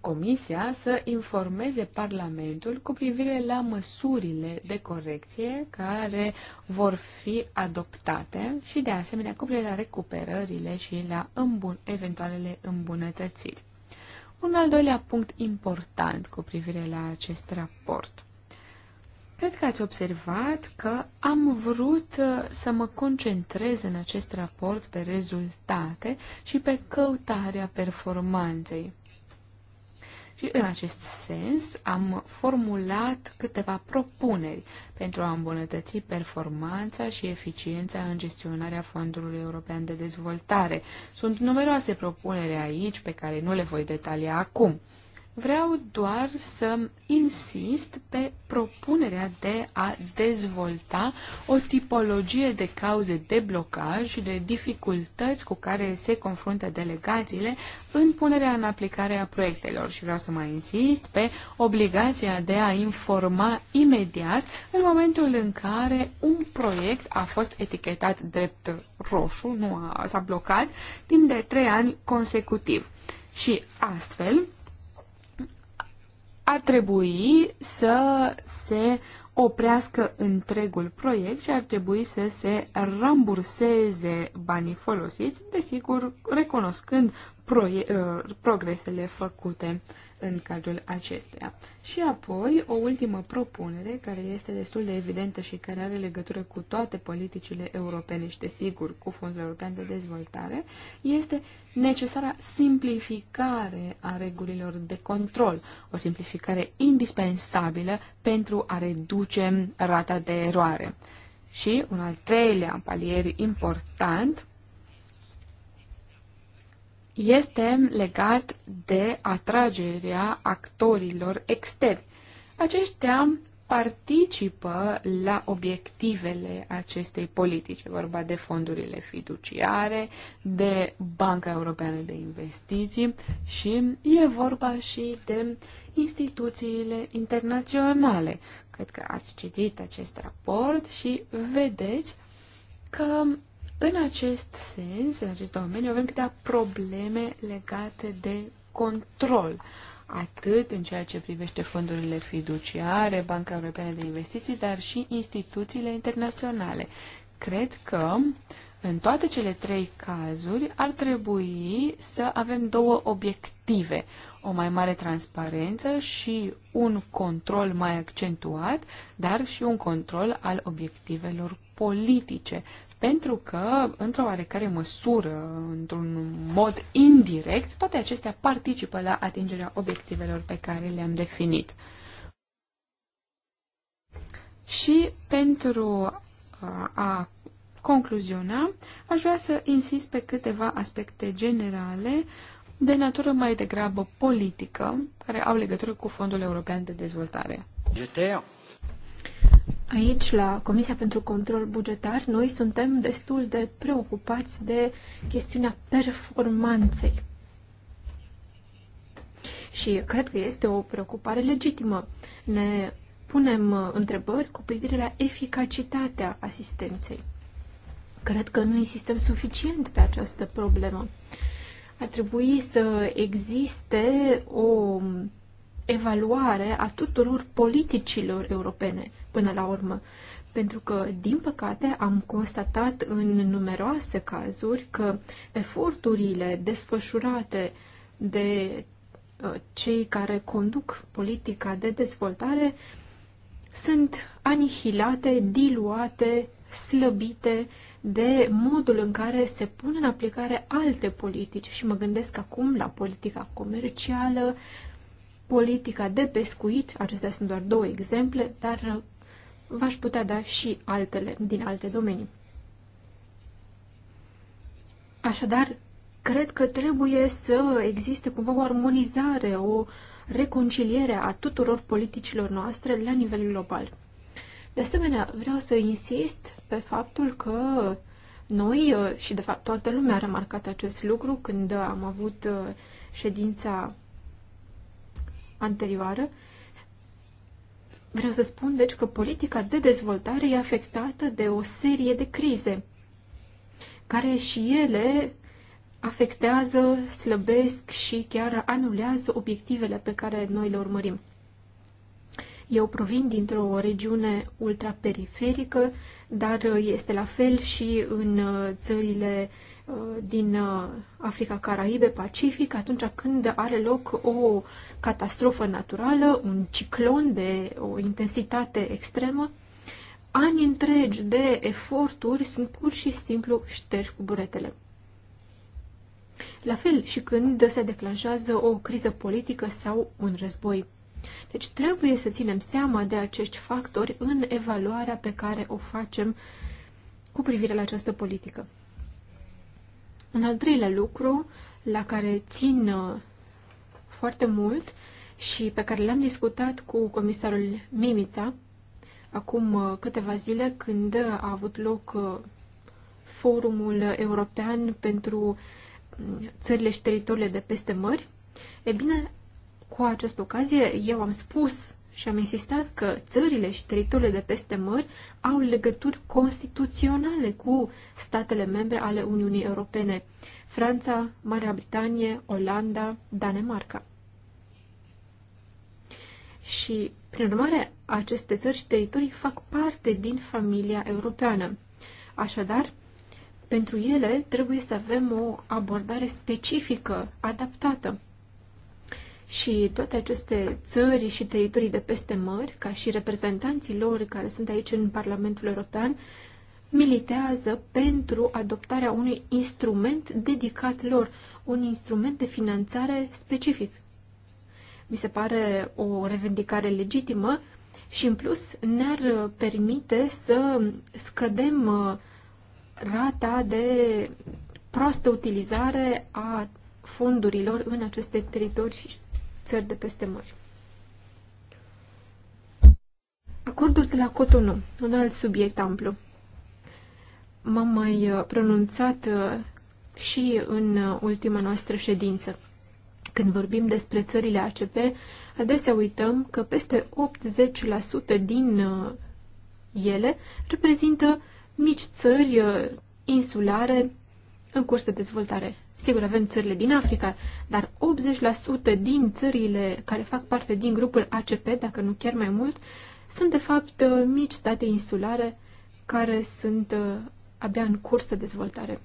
Comisia să informeze Parlamentul cu privire la măsurile de corecție care vor fi adoptate și, de asemenea, cu privire la recuperările și la îmbun eventualele îmbunătățiri. Un al doilea punct important cu privire la acest raport. Cred că ați observat că am vrut uh, să mă concentrez în acest raport pe rezultate și pe căutarea performanței. Și în acest sens am formulat câteva propuneri pentru a îmbunătăți performanța și eficiența în gestionarea Fondului European de Dezvoltare. Sunt numeroase propuneri aici pe care nu le voi detalia acum. Vreau doar să insist pe propunerea de a dezvolta o tipologie de cauze de blocaj și de dificultăți cu care se confruntă delegațiile în punerea în aplicare a proiectelor și vreau să mai insist pe obligația de a informa imediat în momentul în care un proiect a fost etichetat drept roșu, nu s-a blocat, timp de trei ani consecutiv. Și astfel, ar trebui să se oprească întregul proiect și ar trebui să se ramburseze banii folosiți, desigur, recunoscând uh, progresele făcute în cadrul acesteia. Și apoi, o ultimă propunere, care este destul de evidentă și care are legătură cu toate politicile europene și, desigur, cu Fondul European de Dezvoltare, este necesara simplificare a regulilor de control, o simplificare indispensabilă pentru a reduce rata de eroare. Și un al treilea palier important este legat de atragerea actorilor externi. Aceștia participă la obiectivele acestei politici. Vorba de fondurile fiduciare, de Banca Europeană de Investiții și e vorba și de instituțiile internaționale. Cred că ați citit acest raport și vedeți că în acest sens, în acest domeniu, avem câteva probleme legate de control, atât în ceea ce privește fondurile fiduciare, Banca Europeană de Investiții, dar și instituțiile internaționale. Cred că în toate cele trei cazuri ar trebui să avem două obiective, o mai mare transparență și un control mai accentuat, dar și un control al obiectivelor politice pentru că, într-o oarecare măsură, într-un mod indirect, toate acestea participă la atingerea obiectivelor pe care le-am definit. Și pentru a concluziona, aș vrea să insist pe câteva aspecte generale de natură mai degrabă politică, care au legătură cu Fondul European de Dezvoltare. Jeter. Aici, la Comisia pentru Control Bugetar, noi suntem destul de preocupați de chestiunea performanței. Și cred că este o preocupare legitimă. Ne punem uh, întrebări cu privire la eficacitatea asistenței. Cred că nu insistăm suficient pe această problemă. Ar trebui să existe o evaluare a tuturor politicilor europene până la urmă. Pentru că, din păcate, am constatat în numeroase cazuri că eforturile desfășurate de uh, cei care conduc politica de dezvoltare sunt anihilate, diluate, slăbite de modul în care se pun în aplicare alte politici. Și mă gândesc acum la politica comercială, politica de pescuit, acestea sunt doar două exemple, dar uh, v-aș putea da și altele din alte domenii. Așadar, cred că trebuie să existe cumva o armonizare, o reconciliere a tuturor politicilor noastre la nivel global. De asemenea, vreau să insist pe faptul că noi, uh, și de fapt toată lumea a remarcat acest lucru când am avut uh, ședința anterioară, vreau să spun, deci, că politica de dezvoltare e afectată de o serie de crize, care și ele afectează, slăbesc și chiar anulează obiectivele pe care noi le urmărim. Eu provin dintr-o regiune ultraperiferică, dar este la fel și în uh, țările uh, din uh, Africa Caraibe, Pacific, atunci când are loc o catastrofă naturală, un ciclon de o intensitate extremă, ani întregi de eforturi sunt pur și simplu șterși cu buretele. La fel și când se declanșează o criză politică sau un război. Deci trebuie să ținem seama de acești factori în evaluarea pe care o facem cu privire la această politică. Un al treilea lucru la care țin uh, foarte mult și pe care l-am discutat cu comisarul Mimița acum uh, câteva zile când a avut loc uh, forumul european pentru mm, țările și teritoriile de peste mări. E bine, cu această ocazie eu am spus și am insistat că țările și teritoriile de peste mări au legături constituționale cu statele membre ale Uniunii Europene, Franța, Marea Britanie, Olanda, Danemarca. Și, prin urmare, aceste țări și teritorii fac parte din familia europeană. Așadar, pentru ele trebuie să avem o abordare specifică, adaptată. Și toate aceste țări și teritorii de peste mări, ca și reprezentanții lor care sunt aici în Parlamentul European, militează pentru adoptarea unui instrument dedicat lor, un instrument de finanțare specific. Mi se pare o revendicare legitimă și, în plus, ne-ar permite să scădem uh, rata de proastă utilizare a fondurilor în aceste teritorii țări de peste mări. Acordul de la Cotonou, un alt subiect amplu. M-am mai uh, pronunțat uh, și în uh, ultima noastră ședință. Când vorbim despre țările ACP, adesea uităm că peste 80% din ele reprezintă mici țări insulare în curs de dezvoltare. Sigur, avem țările din Africa, dar 80% din țările care fac parte din grupul ACP, dacă nu chiar mai mult, sunt de fapt uh, mici state insulare care sunt uh, abia în curs de dezvoltare.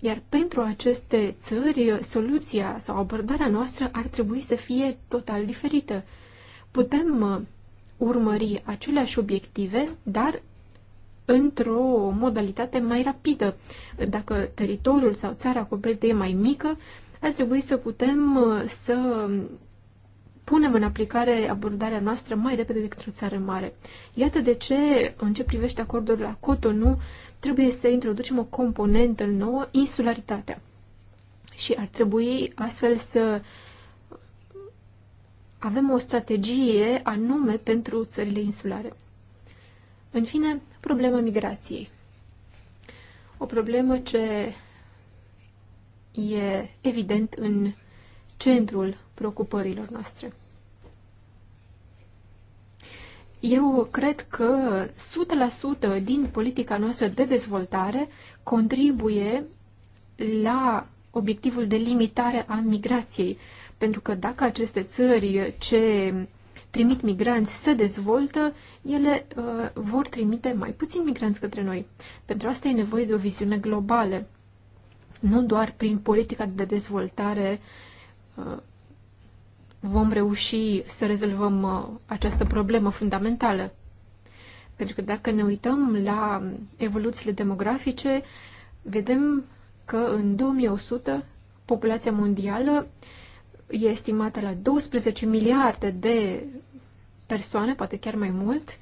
Iar pentru aceste țări, uh, soluția sau abordarea noastră ar trebui să fie total diferită. Putem urmări aceleași obiective, dar într-o modalitate mai rapidă. Dacă teritoriul sau țara acoperită e mai mică, ar trebui să putem uh, să punem în aplicare abordarea noastră mai repede decât o țară mare. Iată de ce, în ce privește acordul la Cotonou, trebuie să introducem o componentă nouă, insularitatea. Și ar trebui astfel să avem o strategie anume pentru țările insulare. În fine, problema migrației. O problemă ce e evident în centrul preocupărilor noastre. Eu cred că 100% din politica noastră de dezvoltare contribuie la obiectivul de limitare a migrației. Pentru că dacă aceste țări ce trimit migranți se dezvoltă, ele uh, vor trimite mai puțin migranți către noi. Pentru asta e nevoie de o viziune globală, nu doar prin politica de dezvoltare uh, vom reuși să rezolvăm uh, această problemă fundamentală. Pentru că dacă ne uităm la evoluțiile demografice, vedem că în 2100 populația mondială uh, e estimată la 12 miliarde de persoane, poate chiar mai mult,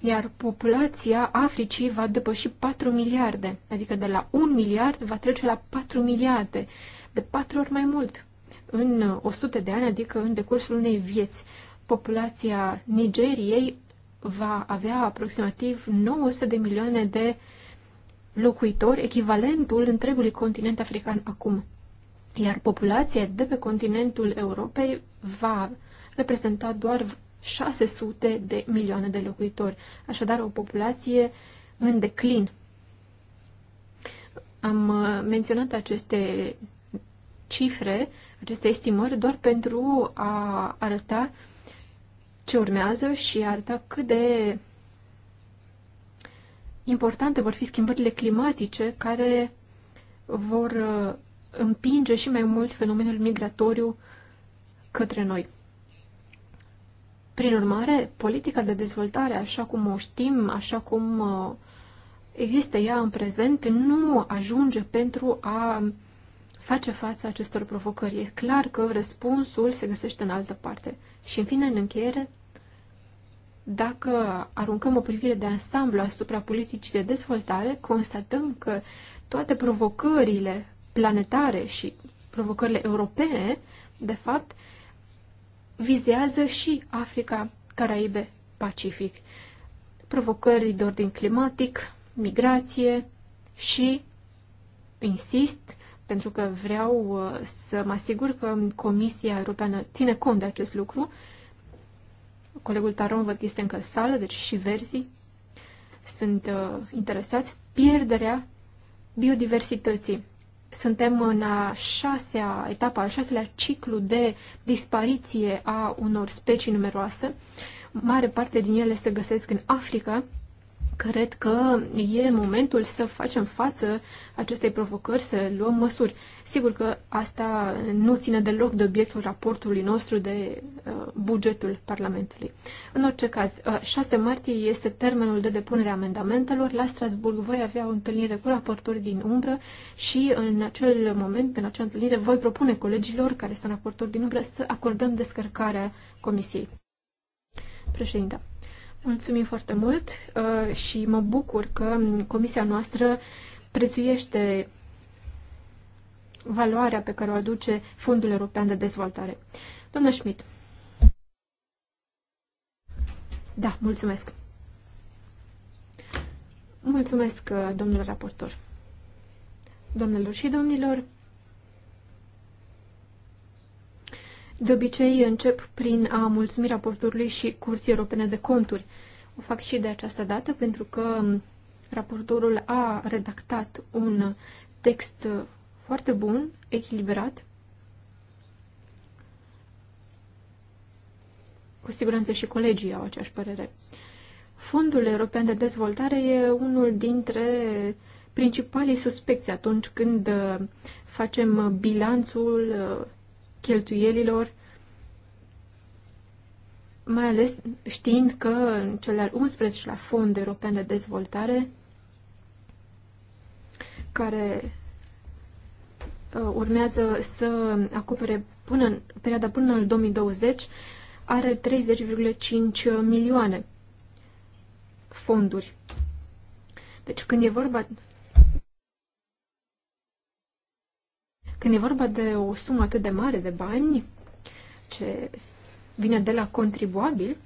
iar populația Africii va depăși 4 miliarde, adică de la 1 miliard va trece la 4 miliarde, de 4 ori mai mult în 100 de ani, adică în decursul unei vieți. Populația Nigeriei va avea aproximativ 900 de milioane de locuitori, echivalentul întregului continent african acum iar populația de pe continentul Europei va reprezenta doar 600 de milioane de locuitori, așadar o populație în declin. Am uh, menționat aceste cifre, aceste estimări, doar pentru a arăta ce urmează și a arăta cât de importante vor fi schimbările climatice care vor uh, împinge și mai mult fenomenul migratoriu către noi. Prin urmare, politica de dezvoltare, așa cum o știm, așa cum uh, există ea în prezent, nu ajunge pentru a face față acestor provocări. E clar că răspunsul se găsește în altă parte. Și, în fine, în încheiere, dacă aruncăm o privire de ansamblu asupra politicii de dezvoltare, constatăm că toate provocările planetare și provocările europene, de fapt, vizează și Africa, Caraibe, Pacific. Provocări de ordin climatic, migrație și, insist, pentru că vreau uh, să mă asigur că Comisia Europeană ține cont de acest lucru. Colegul Taron văd că este încă în sală, deci și verzii sunt uh, interesați. Pierderea biodiversității. Suntem în a șasea etapă, al șaselea ciclu de dispariție a unor specii numeroase. Mare parte din ele se găsesc în Africa Cred că e momentul să facem față acestei provocări, să luăm măsuri. Sigur că asta nu ține deloc de obiectul raportului nostru de uh, bugetul Parlamentului. În orice caz, 6 uh, martie este termenul de depunere a amendamentelor. La Strasburg voi avea o întâlnire cu raportori din umbră și în acel moment, în acea întâlnire, voi propune colegilor care sunt raportori din umbră să acordăm descărcarea comisiei. Președinte. Mulțumim foarte mult uh, și mă bucur că comisia noastră prețuiește valoarea pe care o aduce Fondul European de Dezvoltare. Doamna Schmidt. Da, mulțumesc. Mulțumesc, uh, domnul raportor. Domnilor și domnilor, De obicei încep prin a mulțumi raportorului și Curții Europene de Conturi. O fac și de această dată pentru că raportorul a redactat un text foarte bun, echilibrat, cu siguranță și colegii au aceeași părere. Fondul European de Dezvoltare e unul dintre principalii suspecți atunci când facem bilanțul cheltuielilor, mai ales știind că în cele 11 la Fond European de Dezvoltare, care uh, urmează să acopere până în perioada până în 2020, are 30,5 milioane fonduri. Deci când e vorba Când e vorba de o sumă atât de mare de bani, ce vine de la contribuabil,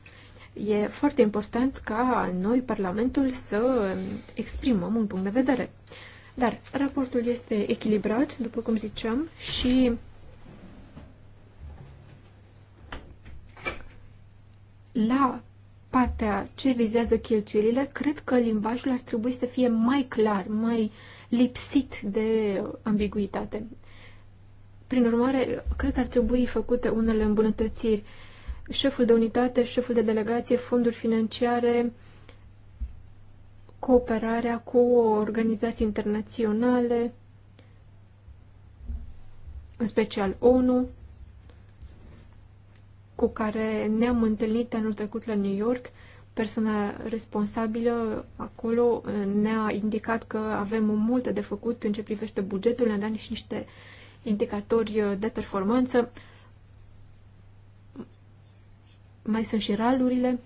e foarte important ca noi, Parlamentul, să exprimăm un punct de vedere. Dar raportul este echilibrat, după cum ziceam, și la partea ce vizează cheltuielile, cred că limbajul ar trebui să fie mai clar, mai lipsit de ambiguitate. Prin urmare, cred că ar trebui făcute unele îmbunătățiri. Șeful de unitate, șeful de delegație, fonduri financiare, cooperarea cu organizații internaționale, în special ONU, cu care ne-am întâlnit anul trecut la New York. persoana responsabilă acolo ne-a indicat că avem multe de făcut în ce privește bugetul, ne-a dat și niște uh, indicatori uh, de performanță. Mai sunt și ralurile.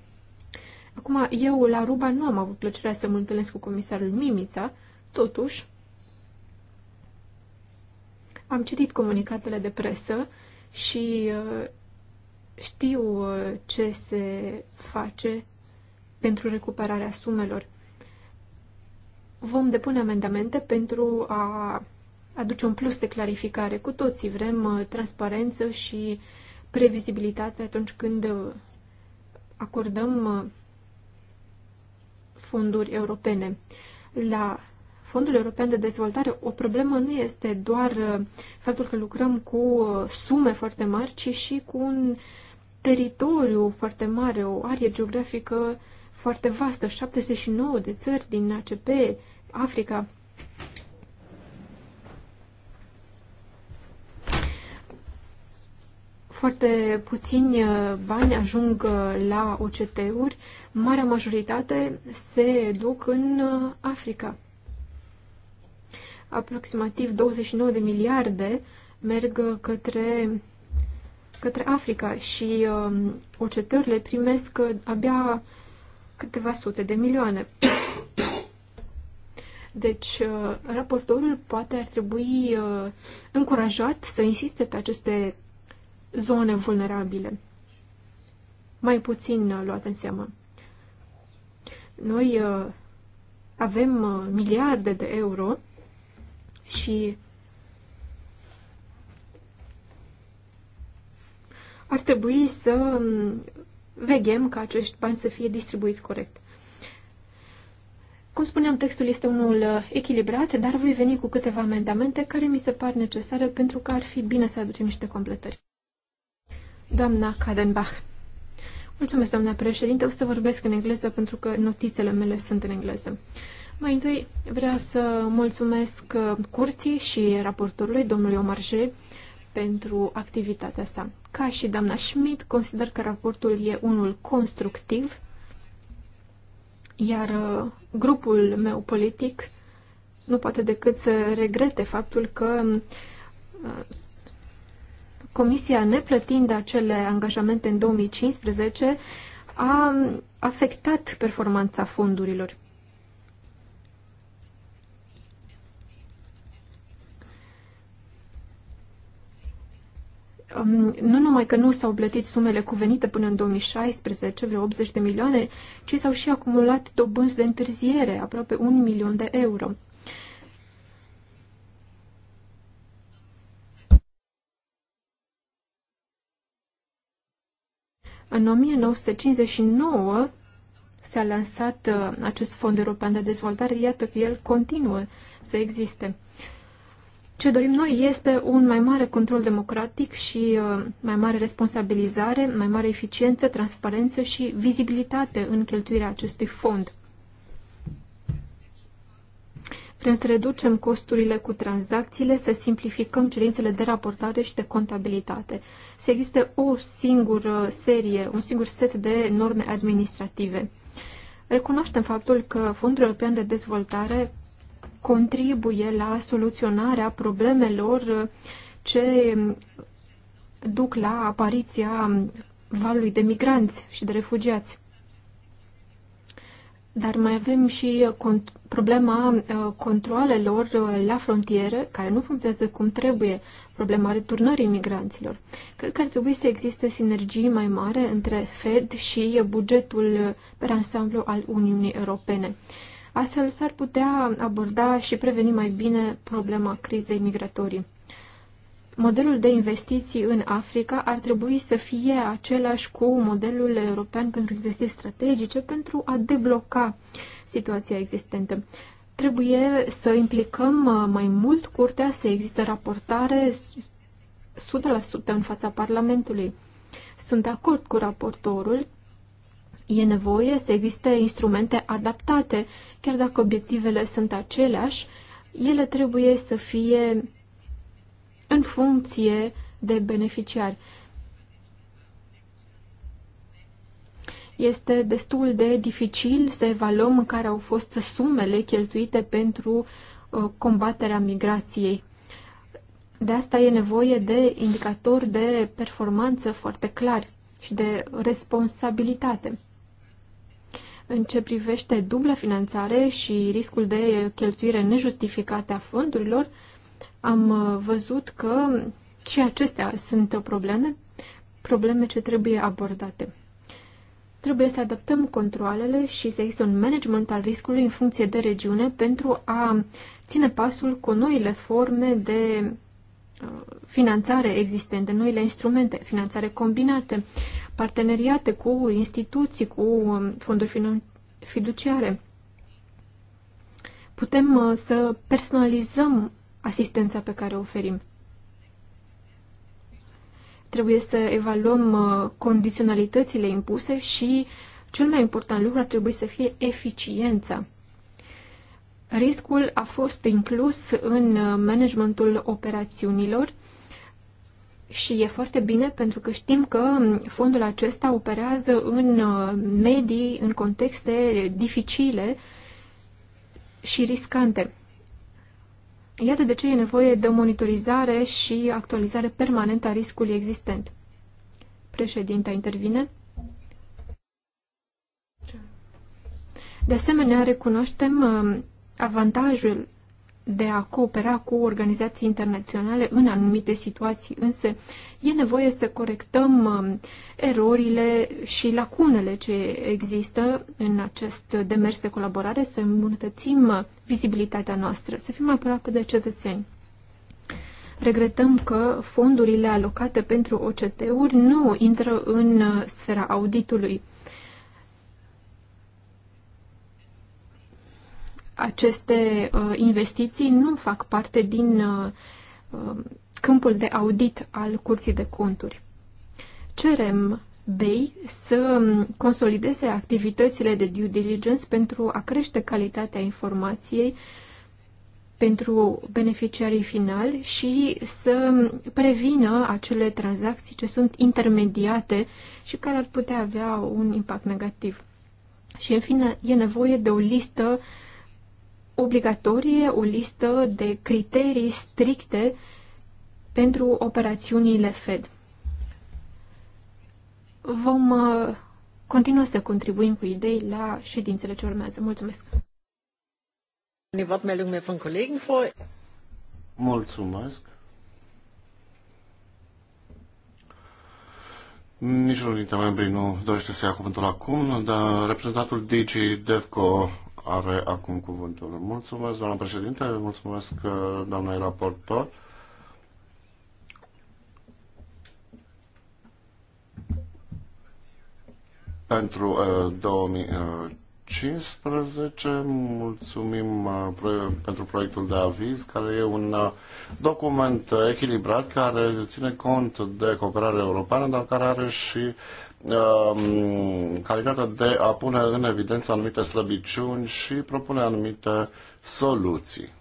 Acum, eu la Ruba nu am avut plăcerea să mă întâlnesc cu comisarul Mimița, totuși am citit comunicatele de presă și uh, știu uh, ce se face pentru recuperarea sumelor. Vom depune amendamente pentru a aduce un plus de clarificare. Cu toții vrem uh, transparență și previzibilitate atunci când uh, acordăm uh, fonduri europene. La Fondul European de Dezvoltare, o problemă nu este doar faptul că lucrăm cu sume foarte mari, ci și cu un teritoriu foarte mare, o arie geografică foarte vastă, 79 de țări din ACP, Africa. Foarte puțini uh, bani ajung uh, la OCT-uri, marea majoritate se duc în uh, Africa. Aproximativ 29 de miliarde merg către, către Africa și OCT-urile primesc abia câteva sute de milioane. [coughs] Deci, raportorul poate ar trebui încurajat să insiste pe aceste zone vulnerabile, mai puțin uh, luat în seamă. Noi uh, avem uh, miliarde de euro și ar trebui să um, veghem ca acești bani să fie distribuiți corect. Cum spuneam, textul este unul echilibrat, dar voi veni cu câteva amendamente care mi se par necesare pentru că ar fi bine să aducem niște completări. Doamna Kadenbach. Mulțumesc, doamna președinte. O să vorbesc în engleză pentru că notițele mele sunt în engleză. Mai întâi vreau să mulțumesc uh, curții și raportorului, domnului Omarje, pentru activitatea sa. Ca și doamna Schmidt, consider că raportul e unul constructiv, iar uh, grupul meu politic nu poate decât să regrete faptul că uh, Comisia, neplătind acele angajamente în 2015, a afectat performanța fondurilor. Um, nu numai că nu s-au plătit sumele cuvenite până în 2016, vreo 80 de milioane, ci s-au și acumulat dobânzi de întârziere, aproape un milion de euro. În 1959 s-a lansat uh, acest Fond European de Dezvoltare, iată că el continuă să existe. Ce dorim noi este un mai mare control democratic și uh, mai mare responsabilizare, mai mare eficiență, transparență și vizibilitate în cheltuirea acestui fond. Vrem să reducem costurile cu tranzacțiile, să simplificăm cerințele de raportare și de contabilitate. Să existe o singură serie, un singur set de norme administrative. Recunoaștem faptul că Fondul European de Dezvoltare contribuie la soluționarea problemelor ce duc la apariția valului de migranți și de refugiați. Dar mai avem și uh, problema uh, controalelor uh, la frontieră, care nu funcționează cum trebuie, problema returnării migranților. Cred că ar trebui să existe sinergii mai mare între Fed și bugetul per ansamblu al Uniunii Europene. Astfel s-ar putea aborda și preveni mai bine problema crizei migratorii modelul de investiții în Africa ar trebui să fie același cu modelul european pentru investiții strategice pentru a debloca situația existentă. Trebuie să implicăm uh, mai mult curtea, să există raportare 100% în fața Parlamentului. Sunt de acord cu raportorul. E nevoie să existe instrumente adaptate, chiar dacă obiectivele sunt aceleași, ele trebuie să fie în funcție de beneficiari. Este destul de dificil să evaluăm care au fost sumele cheltuite pentru uh, combaterea migrației. De asta e nevoie de indicatori de performanță foarte clari și de responsabilitate. În ce privește dubla finanțare și riscul de cheltuire nejustificate a fondurilor, am uh, văzut că și acestea sunt probleme, probleme ce trebuie abordate. Trebuie să adaptăm controlele și să există un management al riscului în funcție de regiune pentru a ține pasul cu noile forme de uh, finanțare existente, noile instrumente, finanțare combinate, parteneriate cu instituții, cu um, fonduri fiduciare. Putem uh, să personalizăm asistența pe care o oferim. Trebuie să evaluăm uh, condiționalitățile impuse și cel mai important lucru ar trebui să fie eficiența. Riscul a fost inclus în uh, managementul operațiunilor și e foarte bine pentru că știm că um, fondul acesta operează în uh, medii, în contexte dificile și riscante. Iată de ce e nevoie de o monitorizare și actualizare permanentă a riscului existent. Președinta intervine. De asemenea, recunoaștem uh, avantajul de a coopera cu organizații internaționale în anumite situații, însă e nevoie să corectăm um, erorile și lacunele ce există în acest demers de colaborare, să îmbunătățim vizibilitatea noastră, să fim aproape de cetățeni. Regretăm că fondurile alocate pentru OCT-uri nu intră în uh, sfera auditului. aceste uh, investiții nu fac parte din uh, uh, câmpul de audit al curții de conturi. Cerem BEI să consolideze activitățile de due diligence pentru a crește calitatea informației pentru beneficiarii finali și să prevină acele tranzacții ce sunt intermediate și care ar putea avea un impact negativ. Și, în fine, e nevoie de o listă uh, obligatorie o listă de criterii stricte pentru operațiunile Fed. Vom uh, continua să contribuim cu idei la ședințele ce urmează. Mulțumesc! Mulțumesc! Niciunul dintre membrii nu dorește să ia cuvântul acum, dar reprezentantul DG Devco are acum cuvântul. Mulțumesc, doamna președinte, mulțumesc, uh, doamna raportor. Pentru uh, 2015 mulțumim uh, pro- pentru proiectul de aviz, care e un uh, document echilibrat, care ține cont de cooperare europeană, dar care are și uh, Um, calitatea de a pune în evidență anumite slăbiciuni și propune anumite soluții.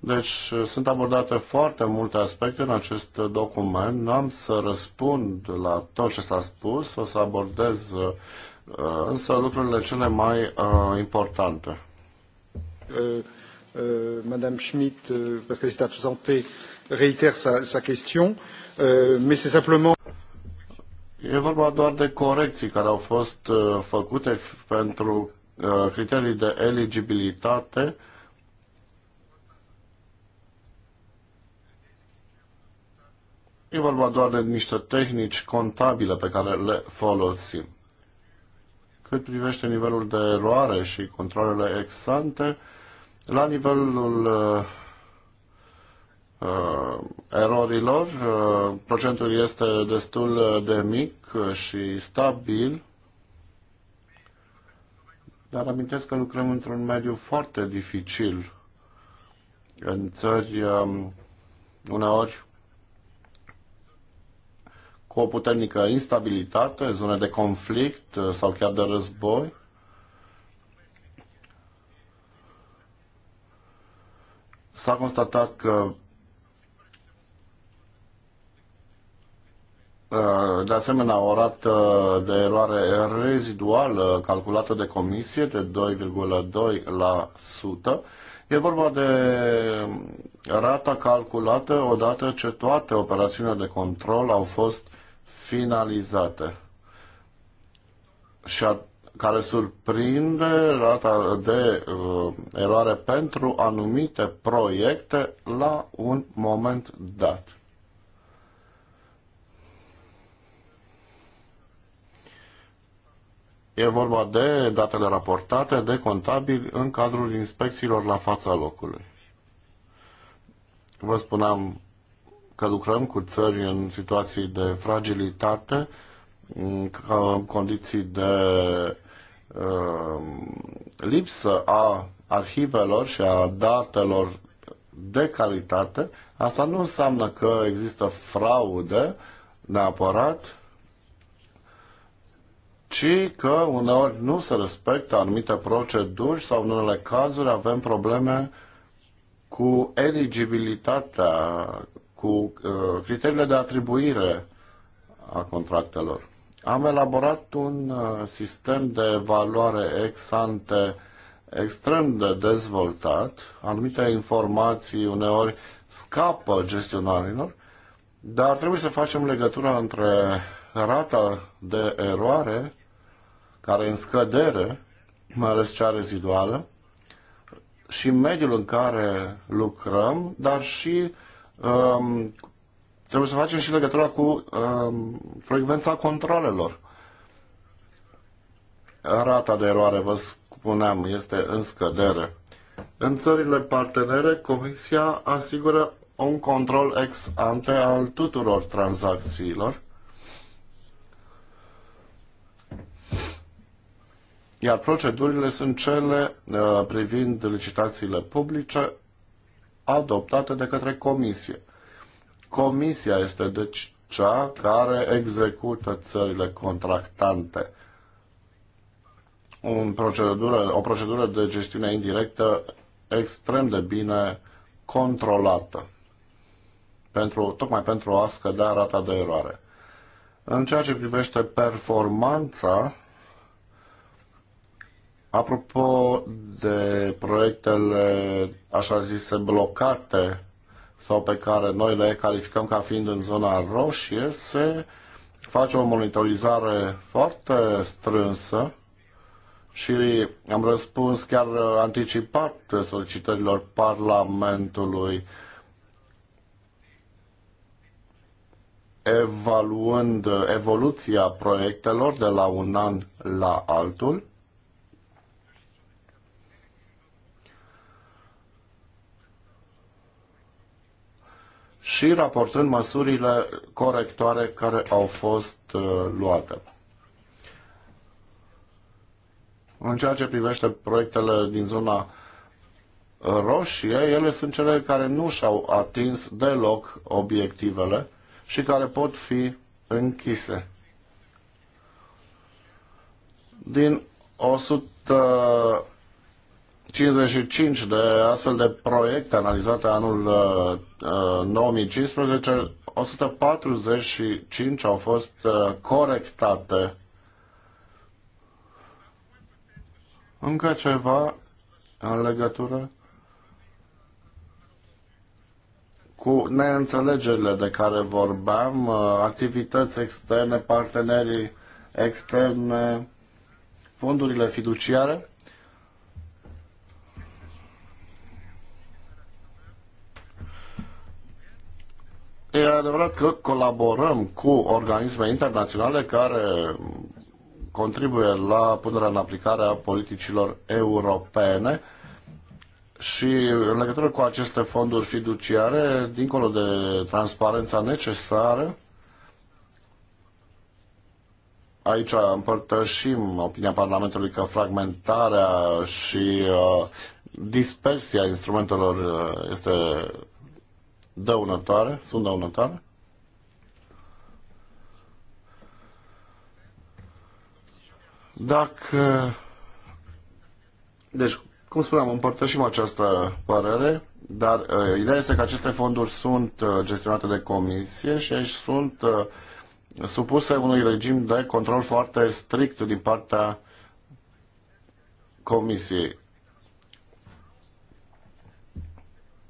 Deci sunt abordate foarte multe aspecte în acest document. Nu am să răspund la tot ce s-a spus, o să abordez uh, însă lucrurile cele mai uh, importante. Uh, uh, Madame Schmidt, uh, parce qu'elle s'est absentée, réitère sa, sa question, uh, mais c'est simplement... E vorba doar de corecții care au fost uh, făcute pentru uh, criterii de eligibilitate E vorba doar de niște tehnici contabile pe care le folosim. Cât privește nivelul de eroare și controlele exante, la nivelul uh, Uh, erorilor. Uh, procentul este destul de mic și stabil, dar amintesc că lucrăm într-un mediu foarte dificil în țări um, uneori cu o puternică instabilitate, zone de conflict uh, sau chiar de război. S-a constatat că Uh, de asemenea o rată de eroare reziduală calculată de comisie de 2,2%. E vorba de rata calculată odată ce toate operațiunile de control au fost finalizate și a, care surprinde rata de uh, eroare pentru anumite proiecte la un moment dat. E vorba de datele raportate de contabili în cadrul inspecțiilor la fața locului. Vă spuneam că lucrăm cu țări în situații de fragilitate, în condiții de uh, lipsă a arhivelor și a datelor de calitate. Asta nu înseamnă că există fraude neapărat, și că uneori nu se respectă anumite proceduri sau în unele cazuri avem probleme cu eligibilitatea, cu uh, criteriile de atribuire a contractelor. Am elaborat un uh, sistem de evaluare ex ante extrem de dezvoltat. Anumite informații uneori scapă gestionarilor, dar trebuie să facem legătura între rata de eroare care e în scădere, mai ales cea reziduală, și mediul în care lucrăm, dar și um, trebuie să facem și legătura cu um, frecvența controlelor. Rata de eroare, vă spuneam, este în scădere. În țările partenere, Comisia asigură un control ex ante al tuturor tranzacțiilor iar procedurile sunt cele uh, privind licitațiile publice adoptate de către Comisie. Comisia este deci cea care execută țările contractante. Un procedură, o procedură de gestiune indirectă extrem de bine controlată, pentru, tocmai pentru a scădea rata de eroare. În ceea ce privește performanța Apropo de proiectele așa zise blocate sau pe care noi le calificăm ca fiind în zona roșie, se face o monitorizare foarte strânsă și am răspuns chiar anticipat solicitărilor Parlamentului evaluând evoluția proiectelor de la un an la altul și raportând măsurile corectoare care au fost uh, luate. În ceea ce privește proiectele din zona roșie, ele sunt cele care nu și-au atins deloc obiectivele și care pot fi închise. Din 100 55 de astfel de proiecte analizate anul uh, 2015, uh, 145 au fost uh, corectate. Încă ceva în legătură cu neînțelegerile de care vorbeam, uh, activități externe, partenerii externe, fondurile fiduciare. E adevărat că colaborăm cu organisme internaționale care contribuie la punerea în aplicare a politicilor europene și în legătură cu aceste fonduri fiduciare, dincolo de transparența necesară, aici împărtășim opinia Parlamentului că fragmentarea și uh, dispersia instrumentelor uh, este dăunătoare, sunt dăunătoare. Dacă... Deci, cum spuneam, împărtășim această părere, dar uh, ideea este că aceste fonduri sunt uh, gestionate de comisie și aici sunt uh, supuse unui regim de control foarte strict din partea comisiei.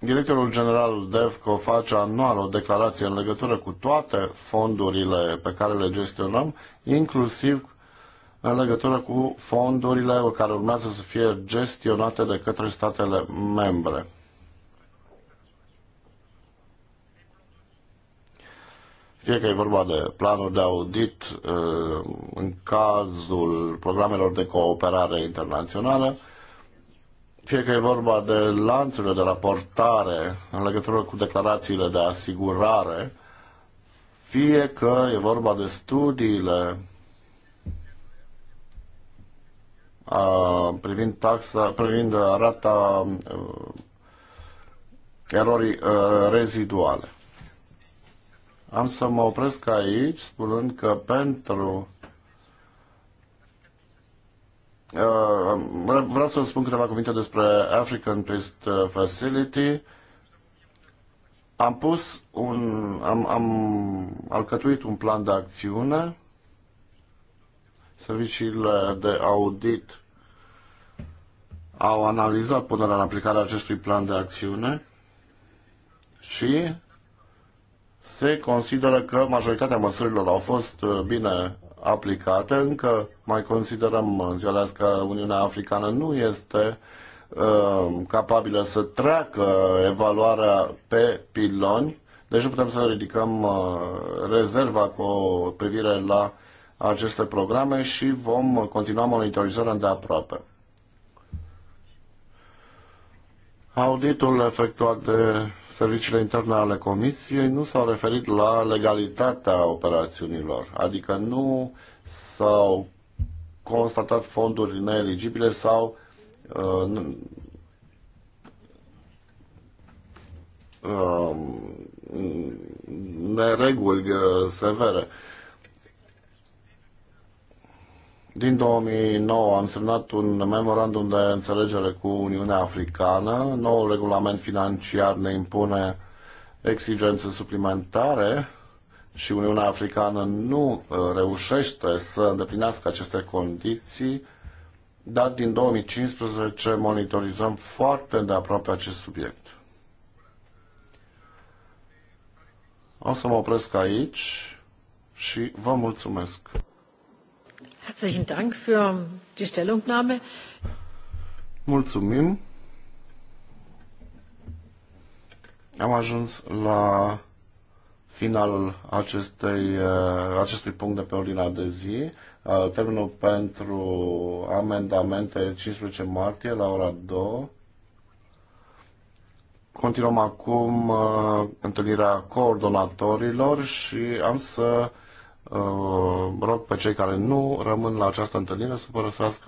Directorul general DEVCO face anual o declarație în legătură cu toate fondurile pe care le gestionăm, inclusiv în legătură cu fondurile care urmează să fie gestionate de către statele membre. Fie că e vorba de planuri de audit uh, în cazul programelor de cooperare internațională, fie că e vorba de lanțurile de raportare în legătură cu declarațiile de asigurare, fie că e vorba de studiile a, privind taxa, privind rata a, uh, erorii a, uh, reziduale. Am să mă opresc aici spunând că pentru Uh, vreau să spun câteva cuvinte despre African Twist uh, Facility. Am pus un, am, am alcătuit un plan de acțiune. Serviciile de audit au analizat punerea în aplicare acestui plan de acțiune și se consideră că majoritatea măsurilor au fost uh, bine aplicate. Încă mai considerăm în ziua azi că Uniunea Africană nu este uh, capabilă să treacă evaluarea pe piloni, deci nu putem să ridicăm uh, rezerva cu privire la aceste programe și vom continua monitorizarea de aproape. Auditul efectuat de serviciile interne ale Comisiei nu s-au referit la legalitatea operațiunilor, adică nu s-au constatat fonduri neeligibile sau uh, uh, nereguli uh, severe. Din 2009 am semnat un memorandum de înțelegere cu Uniunea Africană. Noul regulament financiar ne impune exigențe suplimentare și Uniunea Africană nu uh, reușește să îndeplinească aceste condiții, dar din 2015 monitorizăm foarte de aproape acest subiect. O să mă opresc aici și vă mulțumesc. Mulțumim. Am ajuns la finalul acestei, uh, acestui punct de pe ordinea de zi. Uh, termenul pentru amendamente 15 martie la ora 2. Continuăm acum uh, întâlnirea coordonatorilor și am să rog pe cei care nu rămân la această întâlnire să părăsească